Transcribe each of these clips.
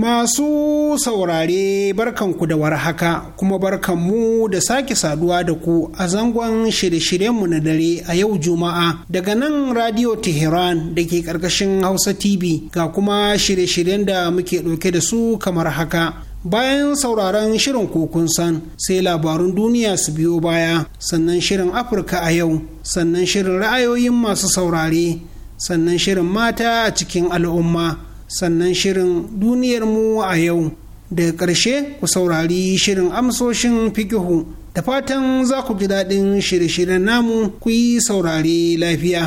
Masu saurare barkanku da warhaka kuma barkanmu da sake saduwa da ku a zangon shirye-shiryenmu na dare a yau Juma'a daga nan Radio Tehran da ke ƙarƙashin Hausa TV ga kuma shirye-shiryen da muke ɗauke da su kamar haka. bayan sauraron shirin kokun san sai labarun duniya su biyo baya sannan shirin afirka a yau sannan shirin ra'ayoyin masu saurare sannan shirin mata a cikin al'umma sannan shirin duniyarmu a yau daga ƙarshe ku saurari shirin amsoshin fikihu da fatan za ku ji daɗin shirye-shiryen namu ku yi saurari lafiya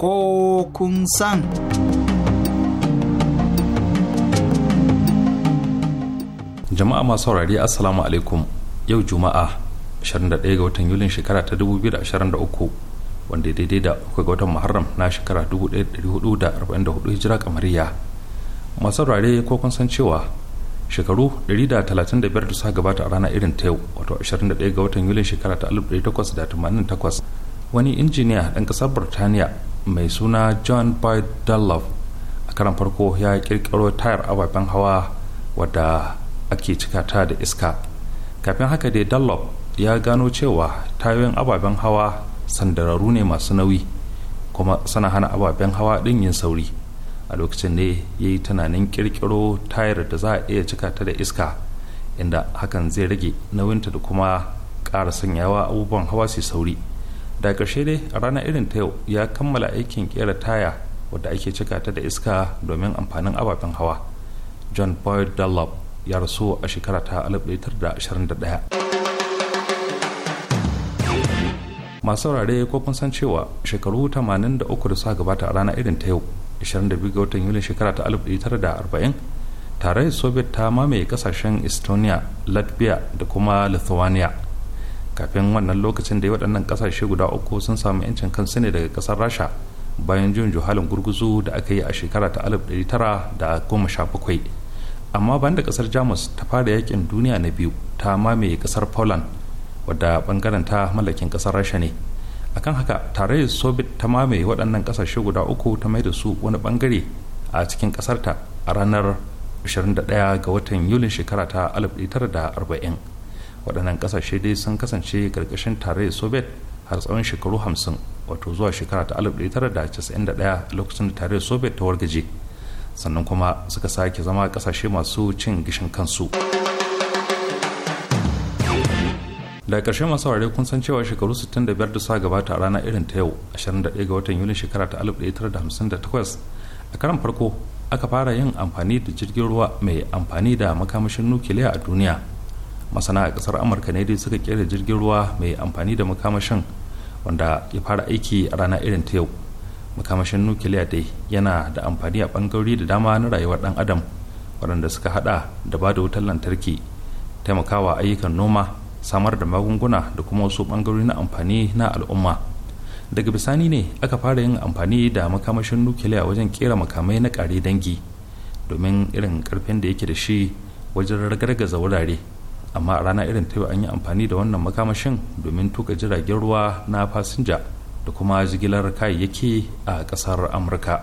ko kun san jama'a masu saurari assalamu alaikum yau juma'a 21 ga watan yulin shekara ta 2023 wanda ya daidai da uku ga watan muharram na shekara 1444 hijira kamariya masu saurare ko kun san cewa shekaru 135 da suka gabata a rana irin ta yau wato 21 ga watan yulin shekara ta 1888 wani injiniya ɗan ƙasar burtaniya mai suna john boyd dunlop a karan farko ya kirkiro tayar ababen hawa wadda ake cika ta da iska kafin haka dai dunlop ya gano cewa tayoyin ababen hawa sandararu ne masu nauyi kuma suna hana ababen hawa ɗin yin sauri a lokacin ne ya yi tunanin kirkiro tayar da za a iya cika ta da iska inda hakan zai rage nauyinta da kuma ƙara sanyawa abubuwan hawa su sauri da ƙarshe dai a rana irin ta yau ya kammala aikin kera taya wadda ake cika ta da iska domin amfanin ababen hawa john boyd dunlop ya rasu a shekara ta 1921 masu saurare ko kun san cewa shekaru 83 da suka gabata a rana irin ta yau 22 ga watan yulin shekara ta 1940 tare soviet ta mamaye kasashen estonia latvia da kuma lithuania kafin wannan lokacin da waɗannan kasashe guda uku sun samu 'yancin kansu ne daga kasar rasha bayan jin juhalin gurguzu da aka yi a shekara ta 1917 amma bayan da ƙasar jamus ta fara yakin duniya na biyu ta mamaye ƙasar poland wadda bangaren ta mallakin kasar rasha ne akan haka tare da soviet ta mamaye waɗannan ƙasashe guda uku ta mai da su wani bangare a cikin ƙasarta a ranar 21 ga watan yulin shekara ta 1940 waɗannan ƙasashe dai sun kasance ƙarƙashin da soviet har tsawon shekaru 50 wato zuwa shekara ta 1991 lokacin da tarayyar soviet ta wargaje sannan kuma suka sake zama ƙasashe masu cin gishin kansu. daga ƙarshe masu saurare kun san cewa shekaru 65 da suka gabata a rana irin ta yau 21 ga watan yuli shekara ta 1958 a karan farko aka fara yin amfani da jirgin ruwa mai amfani da makamashin nukiliya a duniya masana a ƙasar amurka ne dai suka kera jirgin ruwa mai amfani da makamashin wanda ya fara aiki a rana irin ta yau makamashin nukiliya dai yana da amfani a bangarori da dama na rayuwar dan adam waɗanda suka hada da ba da wutar lantarki taimakawa ayyukan noma samar da magunguna da kuma wasu bangarori na amfani na al'umma daga bisani ne aka fara yin amfani da makamashin nukiliya wajen kera makamai na kare dangi domin irin karfin da yake da shi wajen ragargaza wurare amma a rana irin ta an yi amfani da wannan makamashin domin tuka jiragen ruwa na fasinja da kuma jigilar kayayyaki a ƙasar amurka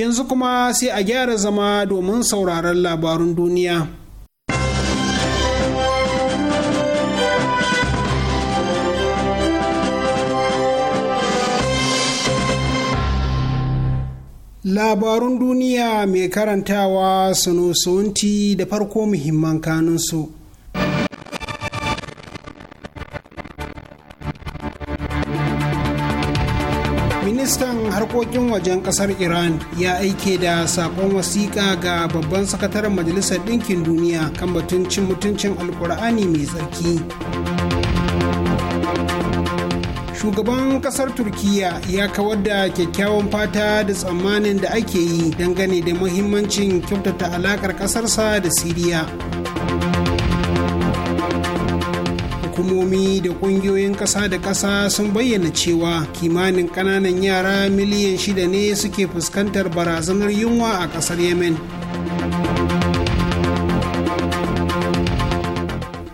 yanzu kuma sai a gyara zama domin sauraron labarun duniya labarun duniya mai karantawa sunusunti da farko muhimman kanunsu harkokin wajen kasar iran ya aike da sakon wasiƙa ga babban sakataren majalisar ɗinkin duniya kan batun mutuncin alkur'ani mai tsarki shugaban kasar turkiya ya kawar da kyakkyawan fata da tsammanin da ake yi dangane da muhimmancin kyautata alaƙar kasarsa da siriya hukumomi da kungiyoyin ƙasa da ƙasa sun bayyana cewa kimanin ƙananan yara miliyan shida ne suke fuskantar barazanar yunwa a ƙasar yemen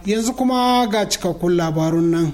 yanzu kuma ga cikakkun labarun nan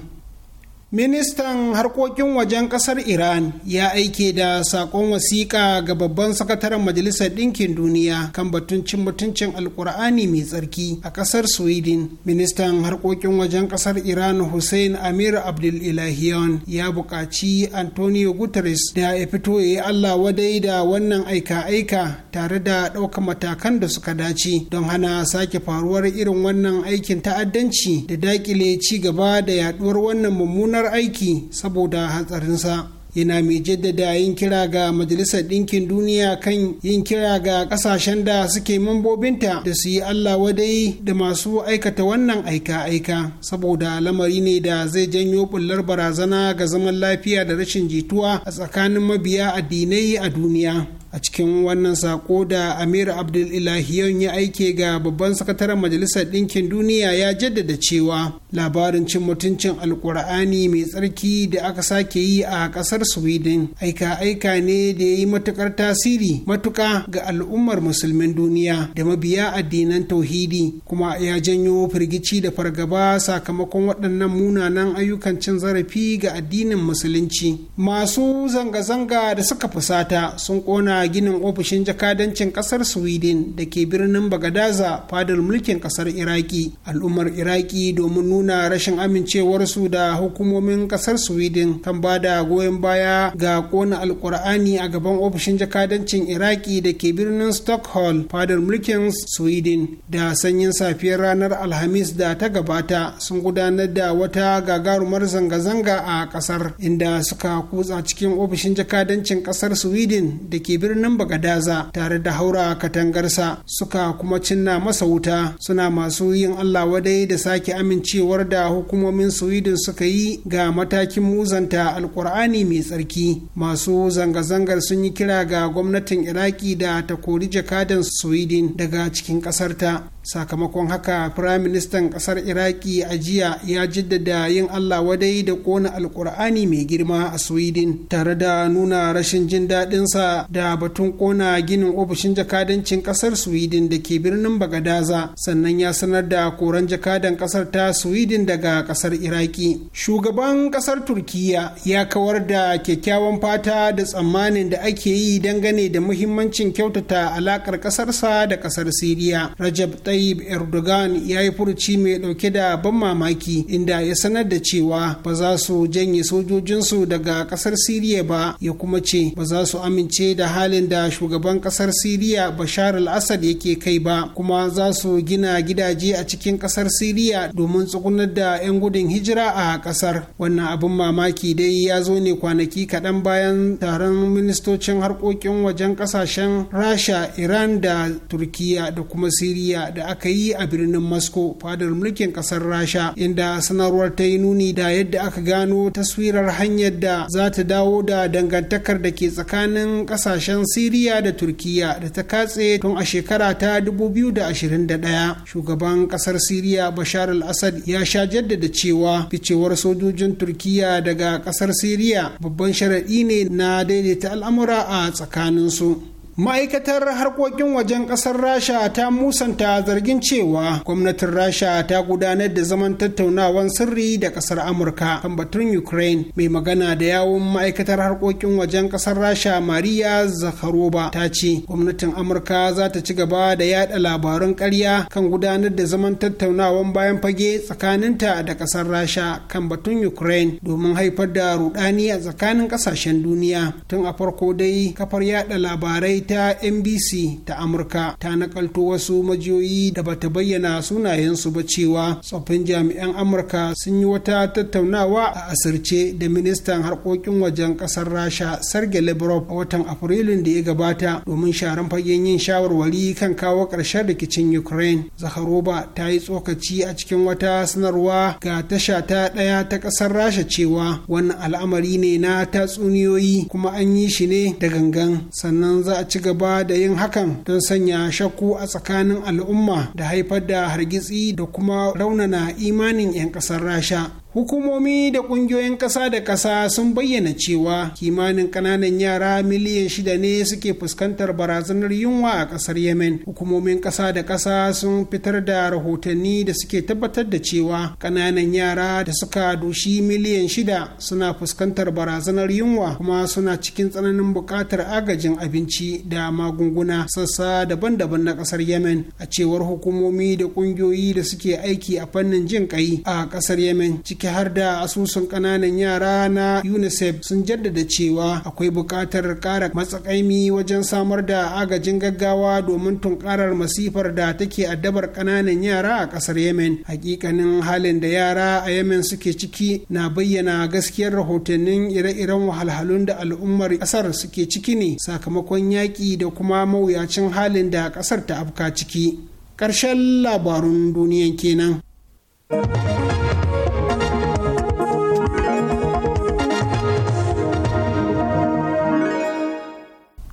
Ministan harkokin wajen kasar Iran ya aike da sakon wasiƙa ga babban sakataren Majalisar Ɗinkin Duniya kan batuncin mutuncin Alkur'ani mai tsarki a kasar Sweden. Ministan harkokin wajen kasar Iran Hussein Amir Abdul ilahiyon ya buƙaci Antonio Guterres da ya fito ya yi Allah wadai da wannan aika-aika tare da ɗaukar matakan da suka dace don hana sake faruwar irin wannan aikin ta'addanci da daƙile ci gaba da yaɗuwar wannan mummunar matuƙar aiki saboda hatsarinsa yana mai jaddada yin kira ga majalisar ɗinkin duniya kan yin kira ga ƙasashen da suke mambobinta da su yi allah wadai da masu aikata wannan aika-aika saboda lamari ne da zai janyo bullar barazana ga zaman lafiya da rashin jituwa a tsakanin mabiya addinai a duniya a cikin wannan sako da amir abdul yau ya aike ga babban sakataren majalisar ɗinkin duniya ya jaddada cewa labarin cin mutuncin alkur'ani mai tsarki da aka sake yi a ƙasar sweden aika aika ne da ya yi matukar tasiri matuƙa, ga al'ummar musulmin duniya da mabiya addinan tauhidi kuma ya janyo firgici da fargaba sakamakon waɗannan munanan ayyukan cin zarafi ga addinin musulunci masu zanga-zanga da suka fusata sun kona. ginin ofishin jakadancin kasar sweden da ke birnin bagadaza fadar mulkin kasar iraki al'ummar iraki domin nuna rashin amincewarsu da hukumomin kasar sweden kan ba da goyon baya ga kona alkur'ani a gaban ofishin jakadancin iraki da ke birnin stockholm fadar mulkin sweden da sanyin safiyar ranar alhamis da ta gabata sun gudanar da wata gagarumar zanga-zanga a kasar inda suka kutsa cikin ofishin jakadancin kasar sweden da ke birnin bagadaza tare da haura katangarsa suka kuma cinna masa wuta suna masu yin allah wadai da sake amincewar da hukumomin sweden suka yi ga matakin muzanta alkur'ani mai tsarki masu zanga-zangar sun yi kira ga gwamnatin iraki da ta kori jakadan sweden daga cikin ƙasarta sakamakon haka firayim ministan kasar iraki a jiya ya jaddada yin allah wadai da kona alkur'ani mai girma a sweden tare da nuna rashin jin daɗinsa da batun kona ginin ofishin jakadancin kasar sweden da ke birnin bagadaza sannan ya sanar da koran jakadan kasar ta sweden daga kasar iraki shugaban kasar turkiyya ya kawar da kyakkyawan fata da tsammanin da ake yi dangane da muhimmancin kyautata alakar kasarsa da kasar siriya rajab tayyip erdogan ya yi furuci mai dauke da ban mamaki inda ya sanar da cewa ba za su janye sojojinsu daga kasar siriya ba ya kuma ce ba za su amince da hali halin da shugaban kasar siriya bashar al-assad yake kai ba kuma za su gina gidaje a cikin kasar siriya domin tsugunar da 'yan gudun hijira a kasar wannan abin mamaki dai ya zo ne kwanaki kaɗan bayan taron ministocin harkokin wajen kasashen rasha iran da turkiya da kuma siriya da aka yi a birnin moscow fadar mulkin kasar rasha inda sanarwar ta yi nuni da yadda aka gano taswirar hanyar da za ta dawo da dangantakar da ke tsakanin kasashen tsakanin siriya da turkiya da ta katse tun a shekara ta 2021 shugaban kasar siriya bashar al-assad ya sha jaddada cewa ficewar sojojin turkiya daga kasar siriya babban sharaɗi ne na daidaita al'amura a tsakaninsu ma'aikatar harkokin wajen kasar rasha ta musanta zargin cewa gwamnatin rasha ta gudanar da zaman tattaunawan sirri da kasar amurka kan batun ukraine mai magana da yawon ma'aikatar harkokin wajen kasar rasha maria zakharova ta ce gwamnatin amurka za ta ci gaba da yada labarun karya kan gudanar da zaman tattaunawan bayan fage tsakaninta da kasar rasha kan batun ukraine domin haifar da rudani a tsakanin kasashen duniya tun a farko dai kafar yada labarai ta NBC ta Amurka ta nakalto wasu majiyoyi da bata bayyana sunayensu ba cewa tsoffin jami'an Amurka sun yi wata tattaunawa a asirce da ministan harkokin wajen kasar Rasha Sergei Lavrov a watan Afrilun da ya gabata domin sharan fagen yin shawarwari kan kawo ƙarshen rikicin Ukraine. Zakharova ta yi tsokaci a cikin wata sanarwa ga tasha ta ɗaya ta ƙasar Rasha cewa wannan al'amari ne na tatsuniyoyi kuma an yi shi ne da gangan sannan za a ci ci gaba da yin hakan don sanya shakku a tsakanin al'umma da haifar da hargitsi da kuma raunana imanin 'yan ƙasar rasha hukumomi da kungiyoyin ƙasa da ƙasa sun bayyana cewa kimanin ƙananan yara miliyan shida ne suke fuskantar barazanar yunwa a ƙasar yemen hukumomin ƙasa da ƙasa sun fitar da rahotanni da suke tabbatar da cewa ƙananan yara da suka dushi miliyan shida suna fuskantar barazanar yunwa kuma suna cikin tsananin buƙatar agajin abinci da magunguna sassa daban-daban na ƙasar yemen a cewar hukumomi da kungiyoyi da suke aiki a fannin jin ƙai a ƙasar yemen cikin ciki har da asusun ƙananan yara na unicef sun jaddada cewa akwai buƙatar ƙara matsakaimi wajen samar da agajin gaggawa domin tunkarar masifar da take addabar ƙananan yara a ƙasar yemen hakikanin halin da yara a yemen suke ciki na bayyana gaskiyar rahotannin ire-iren wahalhalun da al'ummar ƙasar suke ciki ne sakamakon yaƙi da kuma mawuyacin halin da ƙasar ta afka ciki karshen labarun duniyan kenan.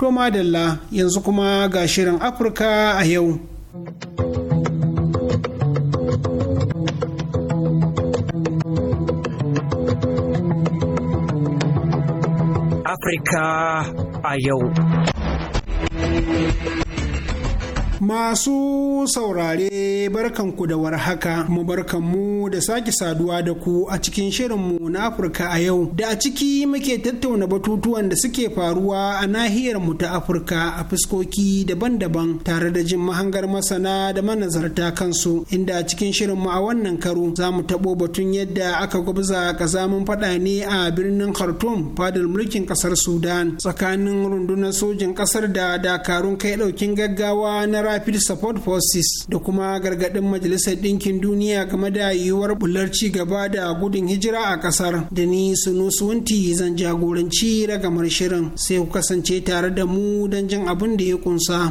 To madalla yanzu kuma ga shirin Afirka a yau. Afirka a yau. Masu saurare barkanku da warhaka, mu barkanmu da sake saduwa da ku a cikin shirin mu na Afirka a yau, da a ciki muke tattauna batutuwan da suke faruwa a nahiyar mu ta Afirka a fuskoki daban-daban tare da jin mahangar masana da manazarta kansu, inda a cikin mu a wannan karo za mu taɓo batun yadda aka gwabza kazamin faɗa ne a birnin Khartoum fadar mulkin ƙasar Sudan tsakanin rundunar sojin ƙasar da dakarun kai ɗaukin gaggawa na rapid support forces da kuma gargaɗin majalisar ɗinkin duniya game da yiwuwar bular ci gaba da gudun hijira a ƙasar da ni sunusunti zan jagoranci ragamar shirin sai ku kasance tare da mu don jin abin da ya kunsa.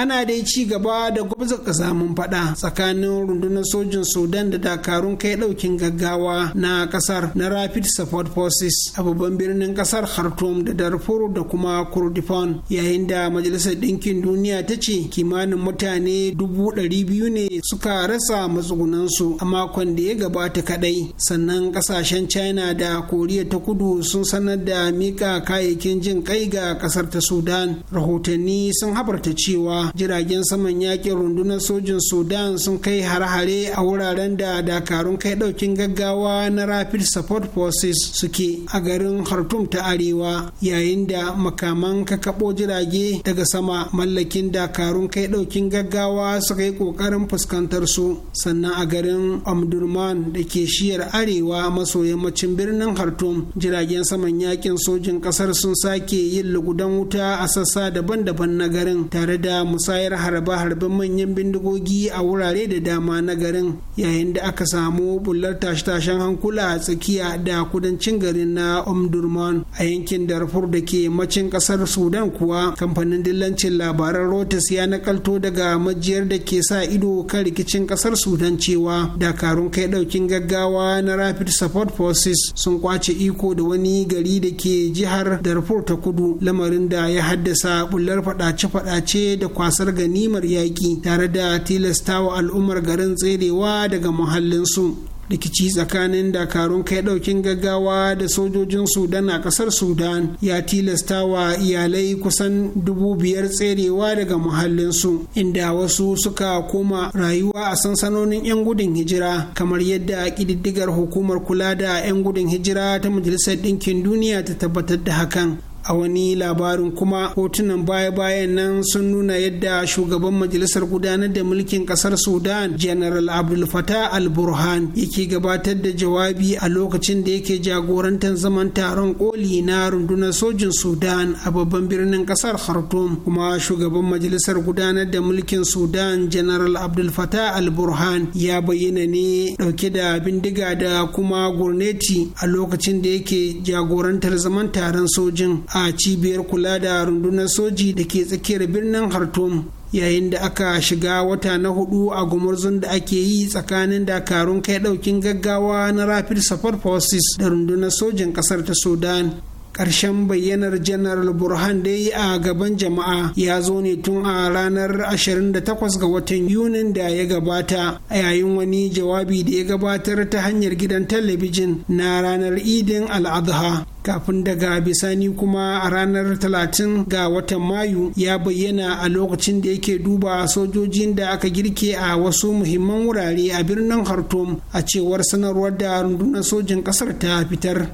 ana dai ci gaba da gwabza mun faɗa tsakanin rundunar sojin sudan da dakarun kai ɗaukin gaggawa na ƙasar na rapid support forces a babban birnin ƙasar khartoum da darfur da kuma kurdifon yayin da majalisar ɗinkin duniya ta ce kimanin mutane dubu ɗari biyu ne suka rasa matsugunansu a makon da ya gabata kaɗai sannan ƙasashen china da koriya ta kudu sun sanar da miƙa kayayyakin jin kai ga ƙasar ta sudan rahotanni sun habarta cewa jiragen saman yakin rundunar sojin sudan sun kai hare-hare a wuraren da dakarun kai daukin gaggawa na rapid support forces suke a garin khartoum ta arewa yayin da makaman kakabo jirage daga sama mallakin dakarun kai daukin gaggawa suka yi kokarin fuskantar su sannan a garin omdurman da ke shiyar arewa maso yammacin birnin khartoum jiragen saman yakin sojin kasar sun sake yin lugudan wuta a sassa daban-daban na garin tare da musayar harbe-harben manyan bindigogi a wurare da dama na garin yayin da aka samu bullar tashe-tashen hankula a tsakiya da kudancin garin na omdurman a yankin darfur da ke macin kasar sudan kuwa kamfanin dillancin labaran rotas ya nakalto daga majiyar da ke sa ido kan rikicin kasar sudan cewa dakarun kai daukin gaggawa na rapid support forces sun kwace iko da wani gari da ke jihar darfur ta kudu lamarin da ya haddasa bullar faɗace-faɗace da kwasar ganimar yaƙi tare da tilastawa al'ummar garin tserewa daga muhallinsu rikici tsakanin dakarun kai ɗaukin gaggawa da sojojin sudan a kasar sudan ya tilasta wa iyalai kusan dubu biyar tserewa daga muhallinsu inda wasu suka koma rayuwa a sansanonin 'yan gudun hijira kamar yadda kididdigar hukumar kula da 'yan gudun hijira ta majalisar ɗinkin duniya ta tabbatar da hakan a wani labarin kuma hotunan baya-bayan nan sun nuna yadda shugaban majalisar gudanar da mulkin kasar sudan general abdul fatah al-burhan yake gabatar da jawabi a lokacin da yake jagorantar zaman taron koli na rundunar sojin sudan a babban birnin kasar khartoum kuma shugaban majalisar gudanar da mulkin sudan general abdul fatah al-burhan ya bayyana ne dauke da bindiga da kuma gurneti a lokacin da yake jagorantar zaman taron sojin a cibiyar kula da rundunar soji da ke tsakiyar birnin Khartoum yayin da aka shiga wata na hudu a gumurzun da ake yi tsakanin dakarun kai daukin gaggawa na rapid support forces da rundunar sojin kasar ta sudan karshen bayyanar janaral burhan dai a gaban jama'a ya zo ne tun a ranar 28 ga watan yunin da ya gabata a yayin wani jawabi da ya gabatar ta hanyar gidan talabijin na ranar idin al'adha kafin daga bisani kuma a ranar 30 ga watan mayu ya bayyana a lokacin da yake duba sojojin da aka girke a wasu muhimman wurare a birnin khartoum a cewar sanarwar da rundunar sojin kasar ta fitar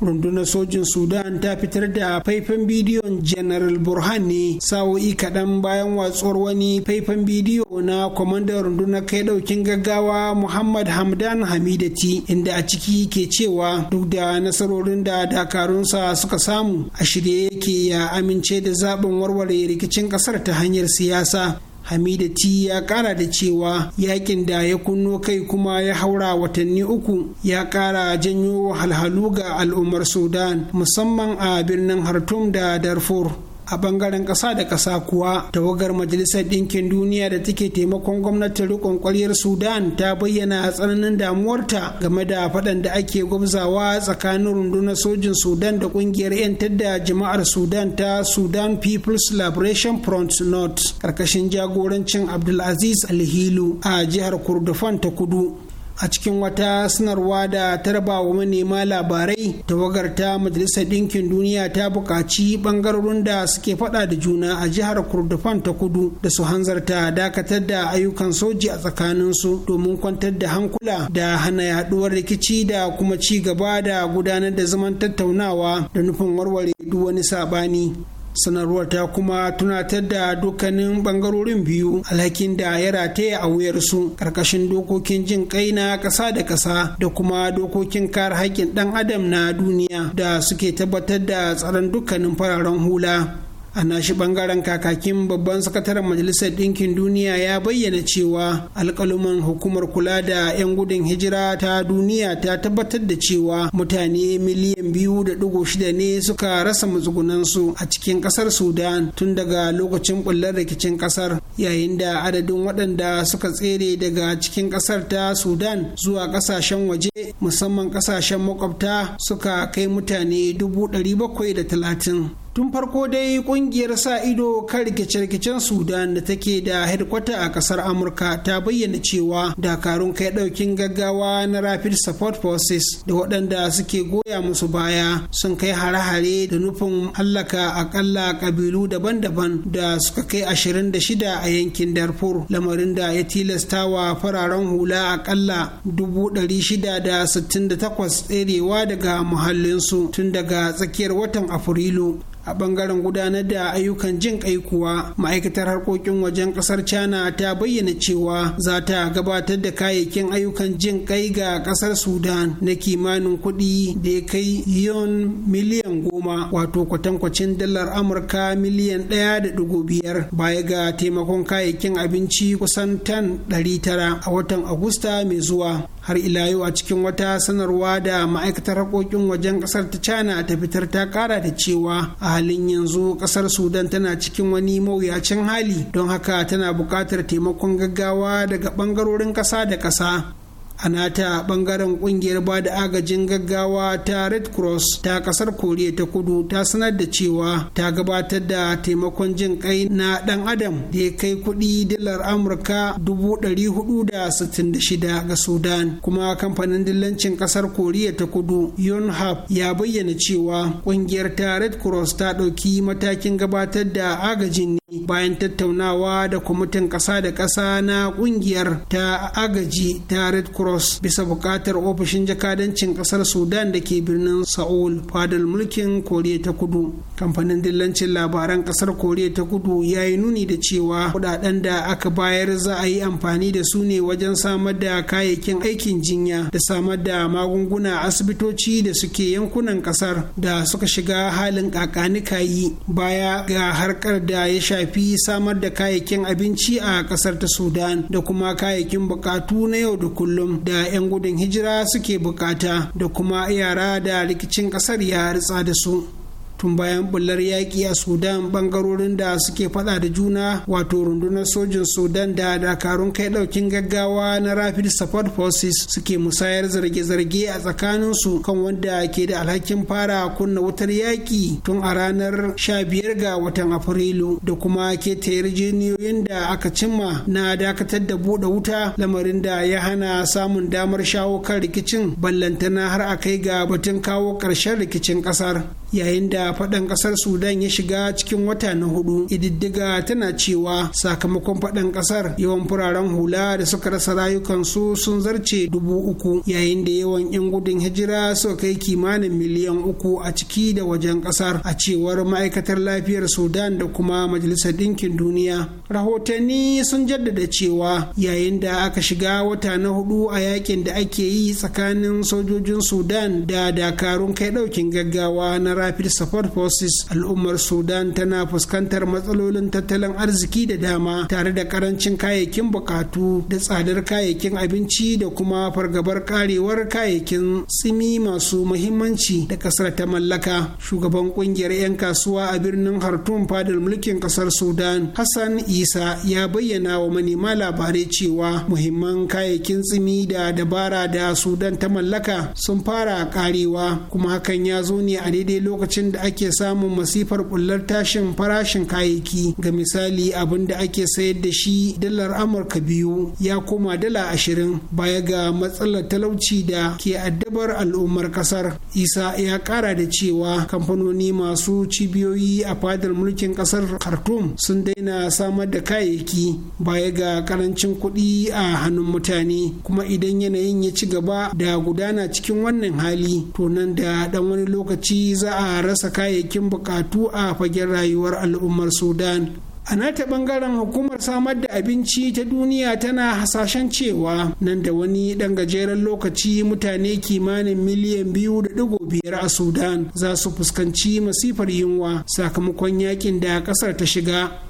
rundunar sojin sudan ta fitar da faifan bidiyon general burhan ne sa'o'i kaɗan bayan watsuwar wani faifan bidiyo na kwamandan rundunar kai ɗaukin gaggawa muhammad hamdan hamidati inda a ciki ke cewa duk da nasarorin da dakarunsa suka samu a shirye yake ya amince da zaɓin warware rikicin ƙasar ta hanyar siyasa hamidati ya kara da cewa yakin da ya kunno kai kuma ya haura watanni uku ya kara janyo halhalu ga al'ummar sudan musamman a birnin hartum da darfur a bangaren ƙasa da ƙasa kuwa tawagar majalisar ɗinkin duniya da take taimakon gwamnatin riƙon ƙwaryar sudan ta bayyana tsananin damuwarta game da faɗan da ake gwamzawa tsakanin rundunar sojin sudan da ƙungiyar yan tadda jama'ar sudan ta sudan people's liberation front north ƙarƙashin jagorancin abdulaziz alhilu a jihar kurdufan ta kudu a cikin wata sanarwa da ta rabawa wa manema labarai tawagar ta majalisar ɗinkin duniya ta bukaci ɓangarorin da suke faɗa da juna a jihar kurdufan ta kudu da su hanzarta dakatar da ayyukan soji a tsakaninsu domin kwantar da hankula da hana yaɗuwar rikici da kuma ci gaba da gudanar da zaman tattaunawa da nufin warware duk wani saɓani sanarwar ta kuma tunatar da dukkanin bangarorin biyu alhakin da ya rataya a wuyar su karkashin dokokin jin kai na ƙasa da ƙasa da kuma dokokin kare haƙƙin ɗan adam na duniya da suke tabbatar da tsaron dukkanin fararen hula a nashi bangaren kakakin babban sakataren majalisar ɗinkin duniya ya bayyana cewa alkaluman hukumar kula da 'yan gudun hijira ta duniya ta tabbatar da cewa mutane miliyan biyu da dugu shida ne suka rasa matsugunansu a cikin ƙasar sudan tun daga lokacin bullar rikicin ƙasar yayin da adadin waɗanda suka tsere daga cikin ƙasar ta sudan zuwa ƙasashen waje musamman ƙasashen makwabta suka kai mutane dubu ɗari bakwai da talatin tun farko dai kungiyar sa ido kan rikice-rikicen sudan da take da hedkwata a kasar amurka ta bayyana cewa dakarun kai daukin gaggawa na rapid support forces da waɗanda suke goya musu baya sun kai hare-hare da nufin hallaka akalla kabilu daban-daban da suka kai 26 a yankin darfur lamarin da ya tilasta wa fararen hula akalla 668 tserewa daga muhallinsu tun daga tsakiyar watan afrilu a bangaren gudanar da ayyukan jin kai kuwa ma'aikatar harkokin wajen kasar china ta bayyana cewa za ta gabatar da kayayyakin ayyukan jin kai ga kasar sudan na kimanin kuɗi da ya kai yon miliyan goma wato kwatankwacin dalar amurka miliyan ɗaya da dugu biyar baya ga taimakon kayayyakin abinci kusan tan ɗari tara a watan agusta mai zuwa har ila yau a cikin wata sanarwa da ma'aikatar harkokin wajen kasar ta china ta fitar ta kara da cewa a halin yanzu kasar sudan tana cikin wani mawuyacin hali don haka tana buƙatar taimakon gaggawa daga ɓangarorin ƙasa da ƙasa a nata bangaren kungiyar ba da agajin gaggawa ta red cross ta kasar koriya ta kudu ta sanar da cewa ta gabatar da taimakon jin kai na dan adam da ya kai kudi dalar amurka 466 ga sudan kuma kamfanin dillancin kasar koriya ta kudu yonhap ya bayyana cewa kungiyar ta red cross ta ɗauki matakin gabatar da agajin bayan tattaunawa da kwamitin ƙasa da ƙasa na ƙungiyar ta agaji ta red cross bisa buƙatar ofishin jakadancin ƙasar sudan da ke birnin sa'ul fadar mulkin koriya ta kudu kamfanin dillancin labaran ƙasar koriya ta kudu ya yi nuni da cewa kuɗaɗen da aka bayar za a yi amfani da su ne wajen samar da kayayyakin aikin jinya da samar da magunguna asibitoci da suke yankunan ƙasar da suka shiga halin kakanikayi baya ga harkar da ya sha shafi samar da kayayyakin abinci a kasar ta sudan da kuma kayayyakin bukatu na yau da kullum da 'yan gudun hijira suke bukata da kuma yara da rikicin kasar ya ritsa da su tun bayan bullar yaƙi a sudan ɓangarorin da suke faɗa da juna wato rundunar sojin sudan da dakarun kai ɗaukin gaggawa na rapid support forces suke musayar zarge-zarge a tsakaninsu kan wanda ke da alhakin fara kunna wutar yaƙi tun a ranar 15 ga watan afrilu da kuma ke jiniyoyin da aka cimma na dakatar da buɗe wuta lamarin da ya hana samun damar shawo kan rikicin ballantana har a kai ga batun kawo ƙarshen rikicin ƙasar yayin da faɗan ƙasar sudan ya shiga cikin wata na hudu ididdiga tana cewa sakamakon faɗan ƙasar yawan furaren hula da suka rasa rayukansu sun zarce dubu uku yayin da yawan 'yan gudun hijira suka kai kimanin miliyan uku a ciki da wajen ƙasar a cewar ma'aikatar lafiyar sudan da kuma majalisar ɗinkin duniya rahotanni sun jaddada cewa yayin da aka shiga wata na hudu a yakin da ake yi tsakanin sojojin sudan da dakarun kai ɗaukin gaggawa na rapid support forces al'ummar sudan tana fuskantar matsalolin tattalin arziki da dama tare da karancin kayayyakin bukatu da tsadar kayayyakin abinci da kuma fargabar karewar kayayyakin tsimi masu muhimmanci da kasar ta mallaka shugaban kungiyar 'yan kasuwa a birnin hartun fadar mulkin kasar sudan hassan isa ya bayyana wa manema labarai cewa muhimman kayayyakin tsimi da dabara da sudan ta mallaka sun fara karewa kuma hakan ya zo ne a daidai lokacin da ake samun masifar bullar tashin farashin kayayyaki ga misali abin da ake sayar da shi dalar amurka biyu ya koma dala ashirin baya ga matsalar talauci da ke addabar al'ummar kasar isa ya kara da cewa kamfanoni masu cibiyoyi a fadar mulkin kasar khartoum sun daina samar da kayayyaki baya ga karancin kuɗi a hannun mutane kuma idan yanayin ya ci gaba da gudana cikin wannan hali to nan da dan wani lokaci za a a rasa kayayyakin bukatu a fagen rayuwar al'ummar sudan a nata bangaren hukumar samar da abinci ta duniya tana hasashen cewa nan da wani dan gajeren lokaci mutane kimanin miliyan biyu da digo biyar a sudan za su fuskanci masifar yunwa sakamakon yakin da kasar ta shiga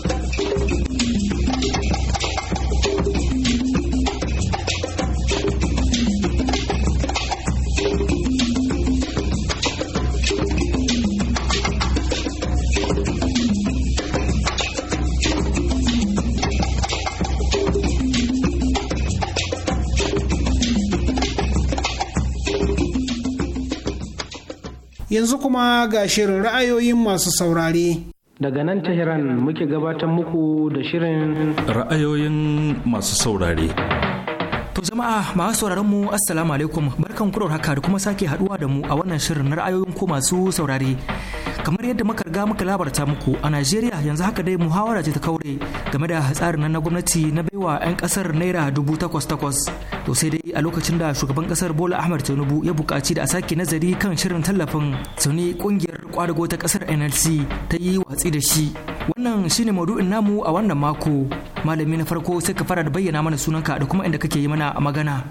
yanzu kuma ga shirin ra'ayoyin masu saurare daga nan ta tehran muke gabatar muku da shirin ra'ayoyin masu saurare To jama'a masu sauraron mu assalamu alaikum barkan kurar haka da kuma sake haduwa da mu a wannan shirin na ra'ayoyin ko masu saurare kamar yadda muka riga muka labarta muku a najeriya yanzu haka dai muhawara ce ta kaure game da tsarin nan na gwamnati na baiwa 'yan kasar naira dubu takwas takwas to sai dai a lokacin da shugaban kasar bola ahmad tinubu ya buƙaci da a sake nazari kan shirin tallafin tuni kungiyar kwadago ta kasar nlc ta yi watsi da shi wannan shine maudu'in namu a wannan mako malami na farko sai ka fara da bayyana mana sunanka da kuma inda kake yi mana magana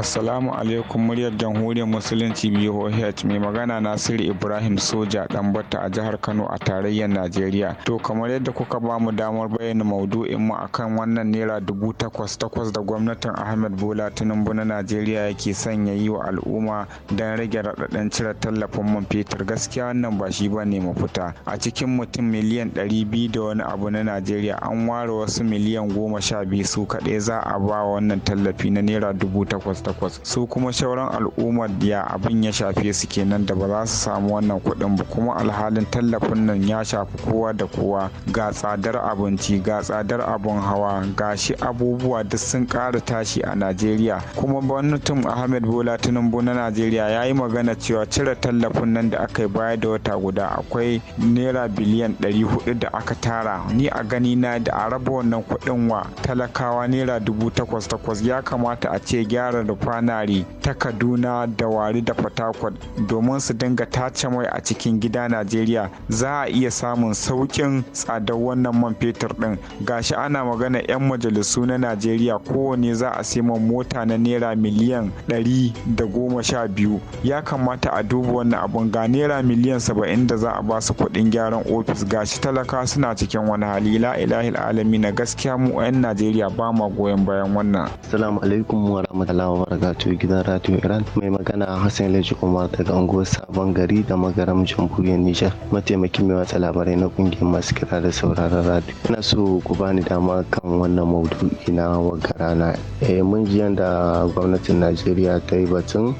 Assalamu alaikum muryar jamhuriyar musulunci BOH mai magana Nasiru Ibrahim Soja dan Bata a jihar Kano a tarayyar Najeriya. To kamar yadda kuka ba mu damar bayyana maudu'in mu akan wannan naira dubu takwas takwas da gwamnatin Ahmed Bola Tinubu na Najeriya yake sanya yi wa al'umma don rage raɗaɗin cire tallafin man fetur gaskiya wannan ba shi ba ne mafita. A cikin mutum miliyan ɗari biyu da wani abu na Najeriya an ware wasu miliyan goma sha biyu su kaɗai za a ba wannan tallafi na naira dubu takwas takwas su kuma sauran al'ummar ya abin ya shafe su kenan da ba za su samu wannan kuɗin ba kuma alhalin tallafin nan ya shafi kowa da kowa ga tsadar abinci ga tsadar abun hawa ga shi abubuwa duk sun ƙara tashi a najeriya kuma gwamnatin ahmed bola tinubu na najeriya ya yi magana cewa cire tallafin nan da aka yi baya da wata guda akwai naira biliyan 400 da aka tara ni a gani na da a raba wannan kuɗin wa talakawa naira dubu takwas ya kamata a ce gyara kwanari ta kaduna da wari da fatakwal domin su dinga tace mai a cikin gida najeriya za a iya samun saukin tsadar wannan man fetur ɗin gashi ana magana 'yan majalisu na najeriya kowane za a ma mota na naira miliyan 112 ya kamata a duba wannan abun ga naira miliyan 70 da za a ba su kuɗin gyaran ofis gashi talaka suna cikin wani hali la ilaha alami na gaskiya mu 'yan najeriya ba ma goyon bayan wannan assalamu alaikum wa rahmatullahi wabarakatuh gidan radio Iran mai magana Hassan Laji Umar daga unguwar Sabon Gari da magaram jamhuriyar Nijar mataimakin mai watsa labarai na kungiyar masu kira da sauraron radio. Ina so ku bani dama kan wannan maudu'i na wagarana. Eh mun ji yanda gwamnatin Najeriya ta yi batun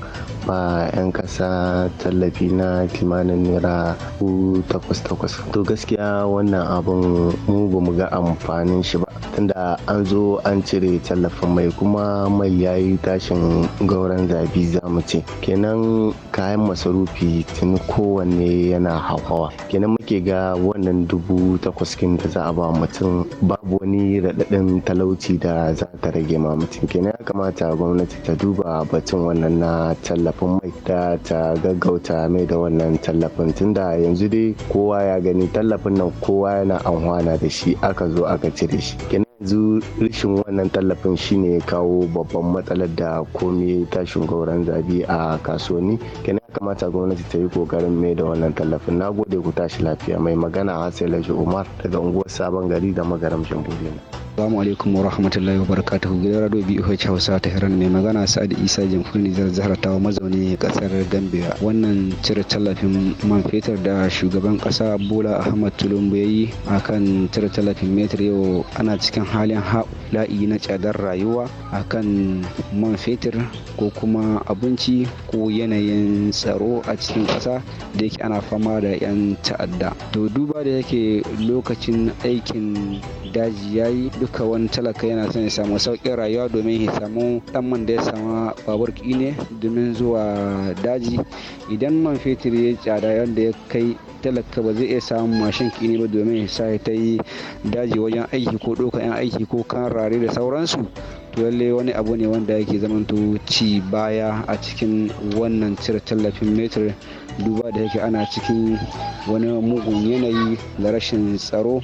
ba 'yan kasa tallafi na kimanin naira takwas takwas. To gaskiya wannan abin mu ba mu ga amfanin shi ba tunda an zo an cire tallafin mai kuma mai yayi tashi farashin gauran zabi za mu ce kenan kayan masarufi tun kowanne yana hauhawa kenan muke ga wannan dubu takwas da za a ba mutum babu wani raɗaɗin talauci da za ta rage ma mutum kenan ya kamata gwamnati ta duba batun wannan na tallafin mai da ta gaggauta mai da wannan tallafin tunda yanzu dai kowa ya gani tallafin nan kowa yana amfana da shi aka zo aka cire shi kenan yanzu rashin wannan tallafin shine kawo babban matsalar da komai tashin gauran zabi a kasuwanni kenan kamata gwamnati ta yi kokarin mai da wannan tallafin na gode ku tashi lafiya mai magana hasila umar daga unguwar sabon gari da magaramshin burina Assalamu alaikum wa rahmatullahi wa barakatuhu gidan radio BOH Hausa ta Hiran mai magana Sa'ad Isa Jamhuriyar Nijar zahara Tawa mazauni kasar Gambia. Wannan cire tallafin man fetur da shugaban kasa Bola Ahmad Tulumbu yayi akan cire tallafin metar yau ana cikin halin la'i na tsadar rayuwa akan man fetur ko kuma abinci ko yanayin tsaro a cikin kasa da yake ana fama da 'yan ta'adda. To duba da yake lokacin aikin daji yayi duk duka wani talaka yana son ya samu sauƙin rayuwa domin ya samu ɗan man da ya sama babur ne domin zuwa daji idan man fetur ya tsada yadda ya kai talaka ba zai iya samun mashin kini ba domin ya sa ta yi daji wajen aiki ko ɗaukar 'yan aiki ko kan rare da sauransu to lalle wani abu ne wanda yake zamanto ci baya a cikin wannan cire tallafin metir duba da yake ana cikin wani mugun yanayi da rashin tsaro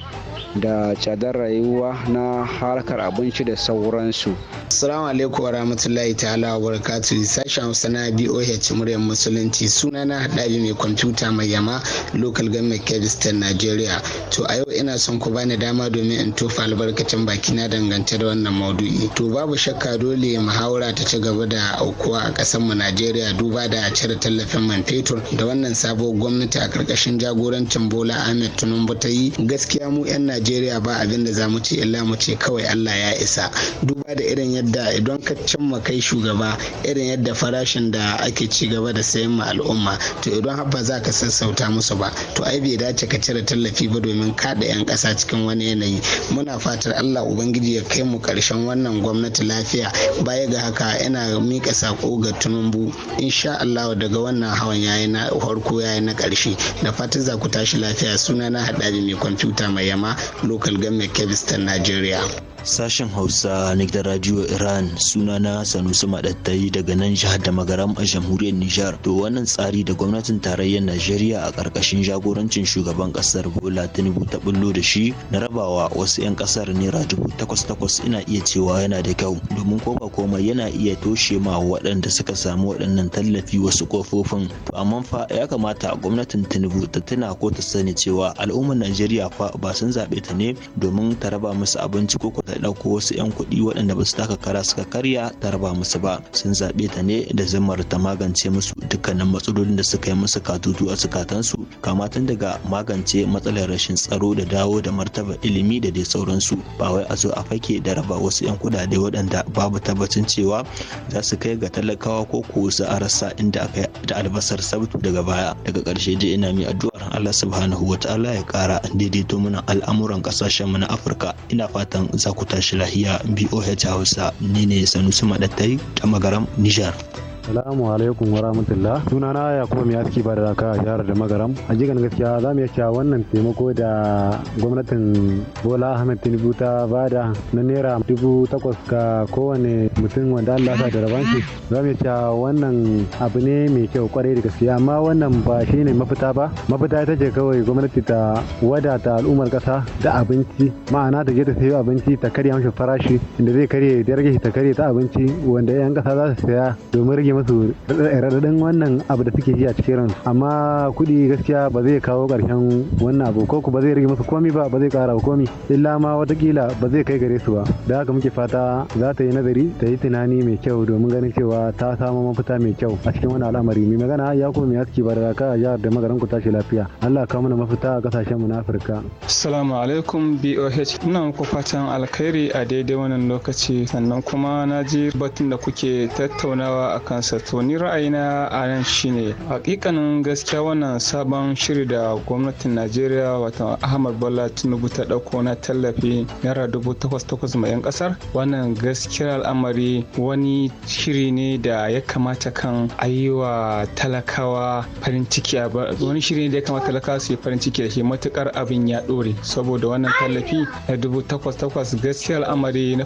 da cadar rayuwa na harkar abinci da sauransu. Assalamu alaikum wa rahmatullahi ta'ala wa barakatu sashen Hausa na BOH muryar musulunci suna na haɗari mai kwamfuta mai yama local government Kebistan Nigeria. To a yau ina son ku bani dama domin in tofa albarkacin baki na dangance da wannan maudu'i. To babu shakka dole muhawara ta ci gaba da aukuwa a ƙasar mu Najeriya duba da cire tallafin man fetur da wannan sabuwar gwamnati a karkashin jagorancin bola ahmed tinubu ta yi gaskiya mu 'yan najeriya ba abin da za mu ce illa mu ce kawai allah ya isa duba da irin yadda idan ka cimma kai shugaba irin yadda farashin da ake ci gaba da sayan ma al'umma to idan har za ka sassauta musu ba to ai bai dace ka cire tallafi ba domin kaɗa 'yan ƙasa cikin wani yanayi muna fatar allah ubangiji ya kai mu karshen wannan gwamnati lafiya baya ga haka ina miƙa sako ga tunumbu insha allah daga wannan hawan yayi na na farko yayi na karshe da fatan za ku tashi lafiya suna na haɗari mai kwamfuta mai yama local government kebistan nigeria Sashen Hausa na gidan Radio Iran sunana Sanusi Madattai daga nan jihar da magaram a jamhuriyar Nijar. To wannan tsari da gwamnatin tarayyar Najeriya a karkashin jagorancin shugaban kasar Bola Tinubu ta bullo da shi na rabawa wasu 'yan ƙasar naira dubu takwas takwas ina iya cewa yana da kyau domin ko ba komai yana iya toshe ma waɗanda suka samu waɗannan tallafi wasu kofofin. To amma fa ya kamata gwamnatin Tinubu ta tuna ko ta sani cewa al'ummar Najeriya fa ba sun zaɓe ta ne domin ta raba musu abinci ko ta ta ɗauko wasu 'yan kuɗi waɗanda ba su taka kara suka karya ta raba musu ba sun zaɓe ta ne da zimmar ta magance musu dukkanin matsalolin da suka yi musu katutu a sukatansu kamatan daga magance matsalar rashin tsaro da dawo da martaba ilimi da dai sauransu ba wai a zo a fake da raba wasu 'yan kuɗaɗe waɗanda babu tabbacin cewa za su kai ga talakawa ko ko su a rasa inda aka da albasar sabtu daga baya daga ƙarshe je ina mai addu'ar Allah subhanahu wa ta'ala ya ƙara daidaito mana al'amuran kasashen mu na Afirka ina fatan za ku shi lahiya BOH Hausa ni ne Sanusi Madattai ta magaram Nijar. Salamu alaikum wa rahmatullah. Suna na Yakubu mai aski ba da raka a jihar da magaram. A jigan gaskiya za mu iya wannan taimako da gwamnatin Bola Ahmed Tinubu ta bada na naira dubu takwas ga kowane mutum wanda Allah sa da rabon shi. Za mu iya wannan abu ne mai kyau kwarai da gaskiya amma wannan ba shi ne mafita ba. Mafita ita ce kawai gwamnati ta wadata al'ummar kasa da abinci ma'ana ta je ta sayo abinci ta karya mashi farashi inda zai karye da rage ta karye ta abinci wanda 'yan ƙasa za su saya domin rage musu raɗaɗin wannan abu da suke ji a cikin ransu amma kuɗi gaskiya ba zai kawo ƙarshen wannan abu ko ba zai rage musu komi ba ba zai ƙara komi illa ma watakila ba zai kai gare su ba da haka muke fata za ta yi nazari ta yi tunani mai kyau domin ganin cewa ta samu mafita mai kyau a cikin wani al'amari mai magana ya kuma mai aski ba da ka jihar da magaran ku tashi lafiya Allah ka mana mafita a kasashen mu na Afirka Salamu alaikum BOH ina muku fatan alkhairi a daidai wannan lokaci sannan kuma na ji batun da kuke tattaunawa akan faransa to ni ra'ayina a nan shine hakikanin gaskiya wannan sabon shiri da gwamnatin najeriya wata ahmad bola tinubu ta dauko na tallafi naira dubu takwas takwas ma yan kasar wannan gaskiyar al'amari wani shiri ne da ya kamata kan ayyuwa talakawa farin ciki a wani shiri ne da ya kamata talakawa su yi farin ciki da shi matukar abin ya dore saboda wannan tallafi na dubu takwas takwas gaskiyar al'amari na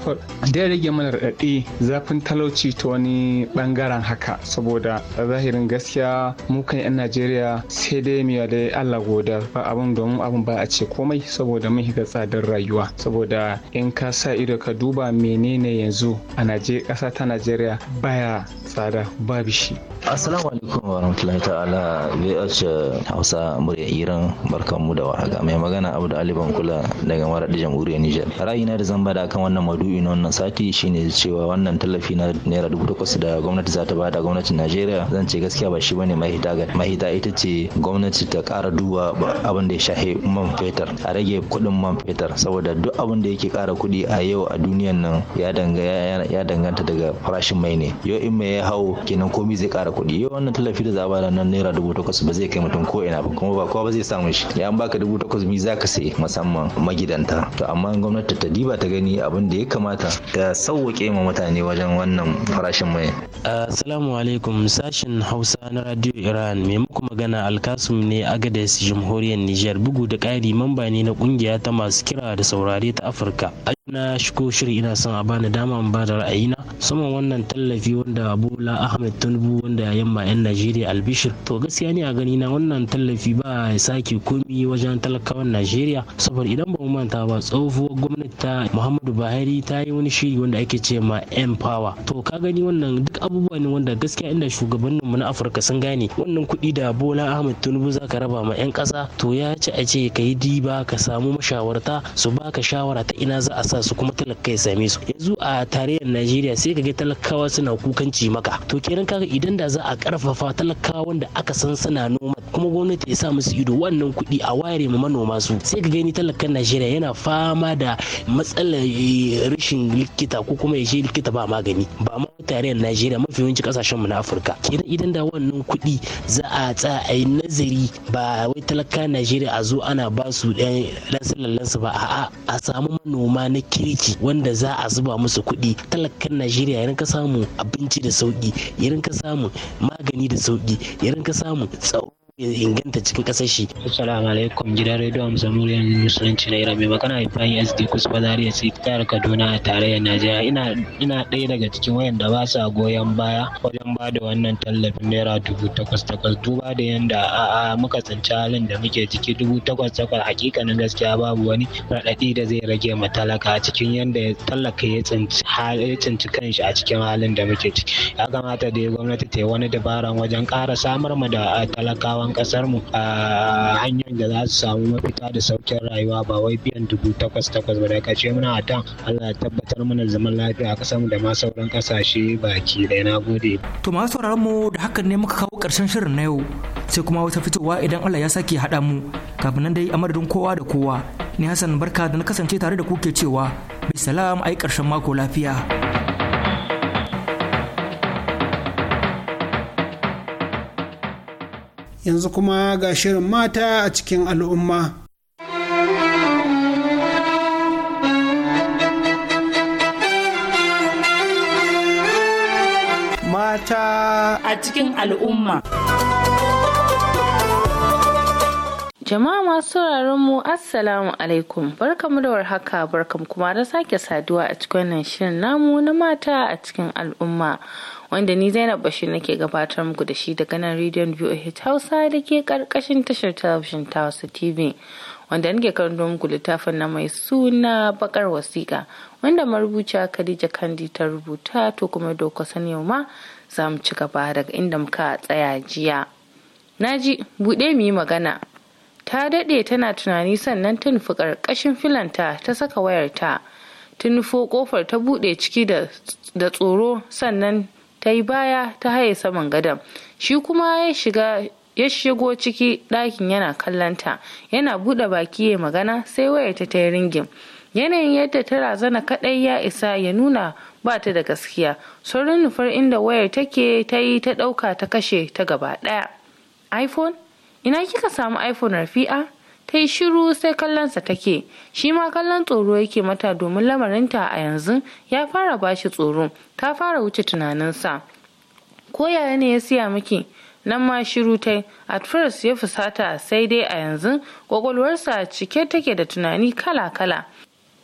da ya rage mana raɗaɗi zafin talauci ta wani bangaren haka saboda zahirin gaskiya mu kan 'yan najeriya sai dai miya da allah goda ba abin domin abin ba a ce komai saboda mun higa tsadar rayuwa saboda in ka sa ido ka duba menene yanzu a najeriya ƙasa ta najeriya baya tsada babu shi assalamu alaikum wa rahmatullahi ta'ala vh hausa murya iran mu da warhaka mai magana abu da aliban kula daga mara da jamhuriyar nijar ra'ayina da zan bada akan wannan madu'i na wannan sati shine cewa wannan tallafi na naira dubu takwas da gwamnati za ta ta bada gwamnatin najeriya zan ce gaskiya ba shi bane mahita ga mahita ita ce gwamnati ta kara duba abin da ya shahe man fetur a rage kudin man fetur saboda duk abin da yake kara kuɗi a yau a duniyan nan ya danganta daga farashin mai ne yau in mai ya hau kenan komi zai kara kuɗi yau wannan tallafi da za a nan naira dubu takwas ba zai kai mutum ko ina ba kuma ba kowa ba zai samu shi ya an baka dubu takwas mi za ka sayi musamman magidanta to amma gwamnati ta diba ta gani abin da ya kamata ta sauke ma mutane wajen wannan farashin mai eh, Assalamu alaikum sashen Hausa na Radio Iran mai muku magana Alkasum ne Agadez Jamhuriyar Nijar bugu da ƙari mamba ne na ƙungiya ta masu kira da saurare ta Afirka. na shigo shiri ina son a bani dama in bada ra'ayina saman wannan tallafi wanda bola ahmed tinubu wanda ya yamma yan najeriya albishir to gaskiya ne a gani na wannan tallafi ba ya sake komi wajen talakawan najeriya saboda idan ba mu manta ba tsohuwar gwamnati ta muhammadu buhari ta yi wani shiri wanda ake ce ma empower to ka gani wannan duk abubuwa ne wanda gaskiya inda shugabannin mu na afirka sun gane wannan kuɗi da bola ahmed tinubu za ka raba ma yan ƙasa to ya ce a ce ka yi diba ka samu mashawarta su baka shawara ta ina za a sa su kuma talaka ya same su yanzu a tarayyar najeriya sai ka ga talakawa suna kukan cimaka to kenan kaga idan da za a karfafa talakawa wanda aka san suna noma kuma gwamnati ya sa musu ido wannan kuɗi a ware ma manoma su sai ka gani talakan najeriya yana fama da matsalar eh, rashin likita ko kuma ya je likita ba magani ba ma tarayyar najeriya mafi yawanci kasashen mu na afirka kenan idan da wannan kuɗi za a tsa a yi nazari ba wai talaka najeriya a zo ana ba su ɗan sallallansu ba a'a a samu manoma na kirki wanda za a zuba musu kuɗi talakan najeriya ya rinka samu abinci da sauƙi ya rinka samu magani da sauƙi ya rinka samu tsaro inganta cikin kasar shi assalamu alaikum gidan rediyo Muryan musulunci na Irabe makana magana ibrahim sd kusba zariya ce jihar kaduna a tarayyar najeriya ina ina ɗaya daga cikin wayanda ba sa goyon baya wajen ba da wannan tallafin naira dubu takwas takwas duba da yanda a'a muka tsinci halin da muke ciki dubu takwas takwas hakikanin gaskiya babu wani raɗaɗi da zai rage ma talaka a cikin yanda ya tallaka ya tsinci ya tsinci kanshi a cikin halin da muke ciki ya kamata da gwamnati ta yi wani dabaran wajen ƙara samar ma da talakawan talakawan kasar mu a hanyoyin da za su samu mafita da saukin rayuwa ba wai biyan dubu takwas takwas ba da ce muna hatan Allah ya tabbatar mana zaman lafiya a kasar mu da ma sauran kasashe baki da na gode to masu sauraron mu da hakan ne muka kawo karshen shirin na yau sai kuma wata fitowa idan Allah ya sake haɗa mu kafin nan dai a madadin kowa da kowa ni Hassan barka da na kasance tare da ku ke cewa bisalam ai karshen mako lafiya yanzu kuma ga shirin mata a cikin al'umma. Mata a cikin al'umma. Jama'a masu mu Assalamu alaikum barkamu da warhaka barkamu kuma da sake saduwa a cikin wannan shirin namu na mata a cikin al'umma wanda ni Zainab Bashir nake gabatar muku da shi daga nan rediyon VOH Hausa da ke karkashin tashar talabijin ta wasu TV wanda nake karanto muku littafin na mai suna bakar wasiƙa wanda marubuciya Khadija Kandi ta rubuta to kuma doka san ma za mu ci gaba daga inda muka tsaya jiya. na ji buɗe mu yi magana ta daɗe tana tunani sannan ta nufi ƙarƙashin filanta ta saka wayarta ta nufo ƙofar ta buɗe ciki da tsoro sannan ta yi baya ta haye saman gadon shi kuma ya shiga ya shigo ciki ɗakin yana kallonta yana buɗe baki ya magana sai wayarta ta yi ringin yanayin yadda ta razana kaɗai ya isa ya nuna ba ta da gaskiya saurin nufar inda wayar take ta yi ta ɗauka ta kashe ta gaba ɗaya iphone ina kika samu iphone rafi'a ta yi shiru sai kallonsa take shi ma kallon tsoro yake mata domin lamarinta a yanzu ya fara bashi tsoro ta fara wuce tunaninsa ko yaya ne ya siya miki nan ma shiru tai at first ya fusata sai dai a yanzu kwakwalwarsa cike take da tunani kala-kala